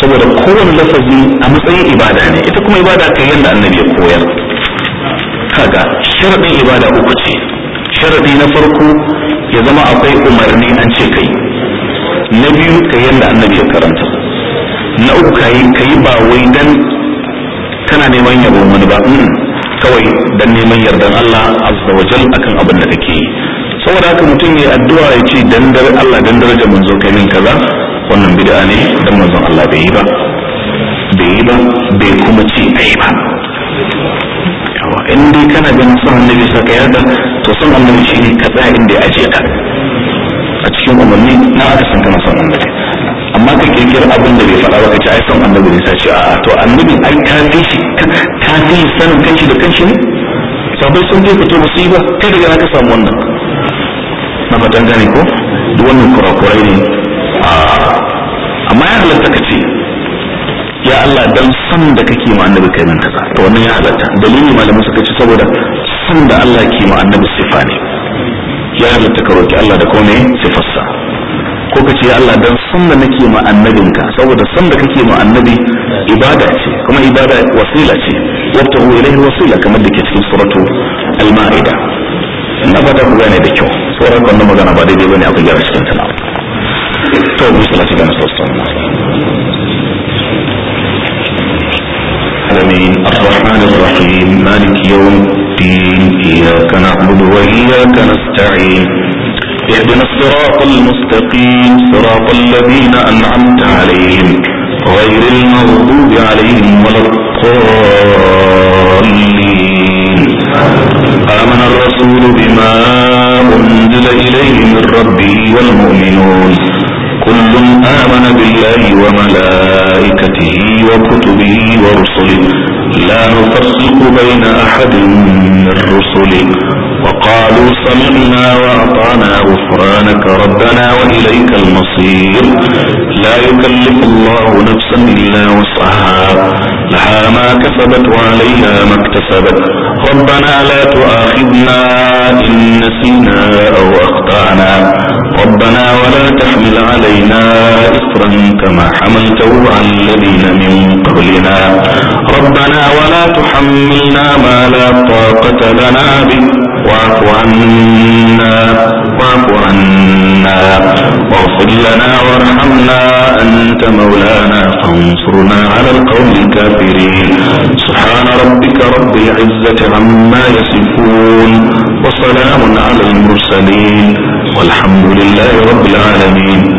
saboda kowane lafazi a matsayin ibada ne ita kuma ibada kai yadda annabi ya koyar kaga sharadin ibada uku ce sharadi na farko ya zama akwai umarni an ce kai na biyu ka yanda annabi ya karanta na uku ka yi ka ba wai dan kana neman yabo wani ba mm, kawai dan neman yardan Allah azza wa jal akan abin da kake yi saboda haka mutum ya addu'a ya ce dan dare Allah dan daraja zo kai min kaza wannan bid'a ne dan manzon Allah bai yi ba bai yi ba bai kuma ce ai ba in dai kana ganin son annabi saka yarda to san annabi ne ka tsaya inda ya ajiye ka a cikin umarni na aka san kana son annabi amma ka kirkiri abin da bai faɗa ba ka ai son annabi ne sai a to annabi ai ka fi shi ka fi sanin kanshi da kanshi ne sabai sun je fito musu yi ba kai daga na ka samu wannan na fatan gane ko duk wannan kurakurai ne amma ya halatta ka ce ya Allah dan san da kake ma annabi kai nan kaza to wannan ya halatta dalili malamin suka ce saboda san da Allah ke ma annabi sifa ne ya halatta ka roki Allah da kome sifarsa ko ka ce Allah dan da nake ma annabinka saboda san da kake ma annabi ibada ce kuma ibada wasila ce wabtahu ilayhi wasila kamar da ke cikin suratu al-ma'ida ina ba ta ku gane da kyau sauran wannan magana ba daidai bane abu gyara cikin sana'a to mu salati ga nasu الرحمن الرحيم مالك يوم الدين إياك نعبد وإياك نستعين اهدنا الصراط المستقيم صراط الذين أنعمت عليهم غير المغضوب عليهم ولا الضالين آمن الرسول بما أنزل إليه من ربه والمؤمنون كل آمن بالله وملائكته وكتبه ورسله لا نفرق بين أحد من الرسل وقالوا سمعنا وأطعنا غفرانك ربنا وإليك المصير لا يكلف الله نفسا إلا وسعها لها ما كسبت وعليها ما اكتسبت ربنا لا تؤاخذنا إن نسينا أو أخطأنا ربنا ولا تحمل علينا إصرا كما حملته على الذين من قبلنا ربنا ولا تحملنا ما لا طاقة لنا به واعف عنا واعف عنا واغفر لنا وارحمنا أنت مولانا فانصرنا على القوم الكافرين سبحان ربك رب العزة عما يصفون وسلام على المرسلين والحمد لله رب العالمين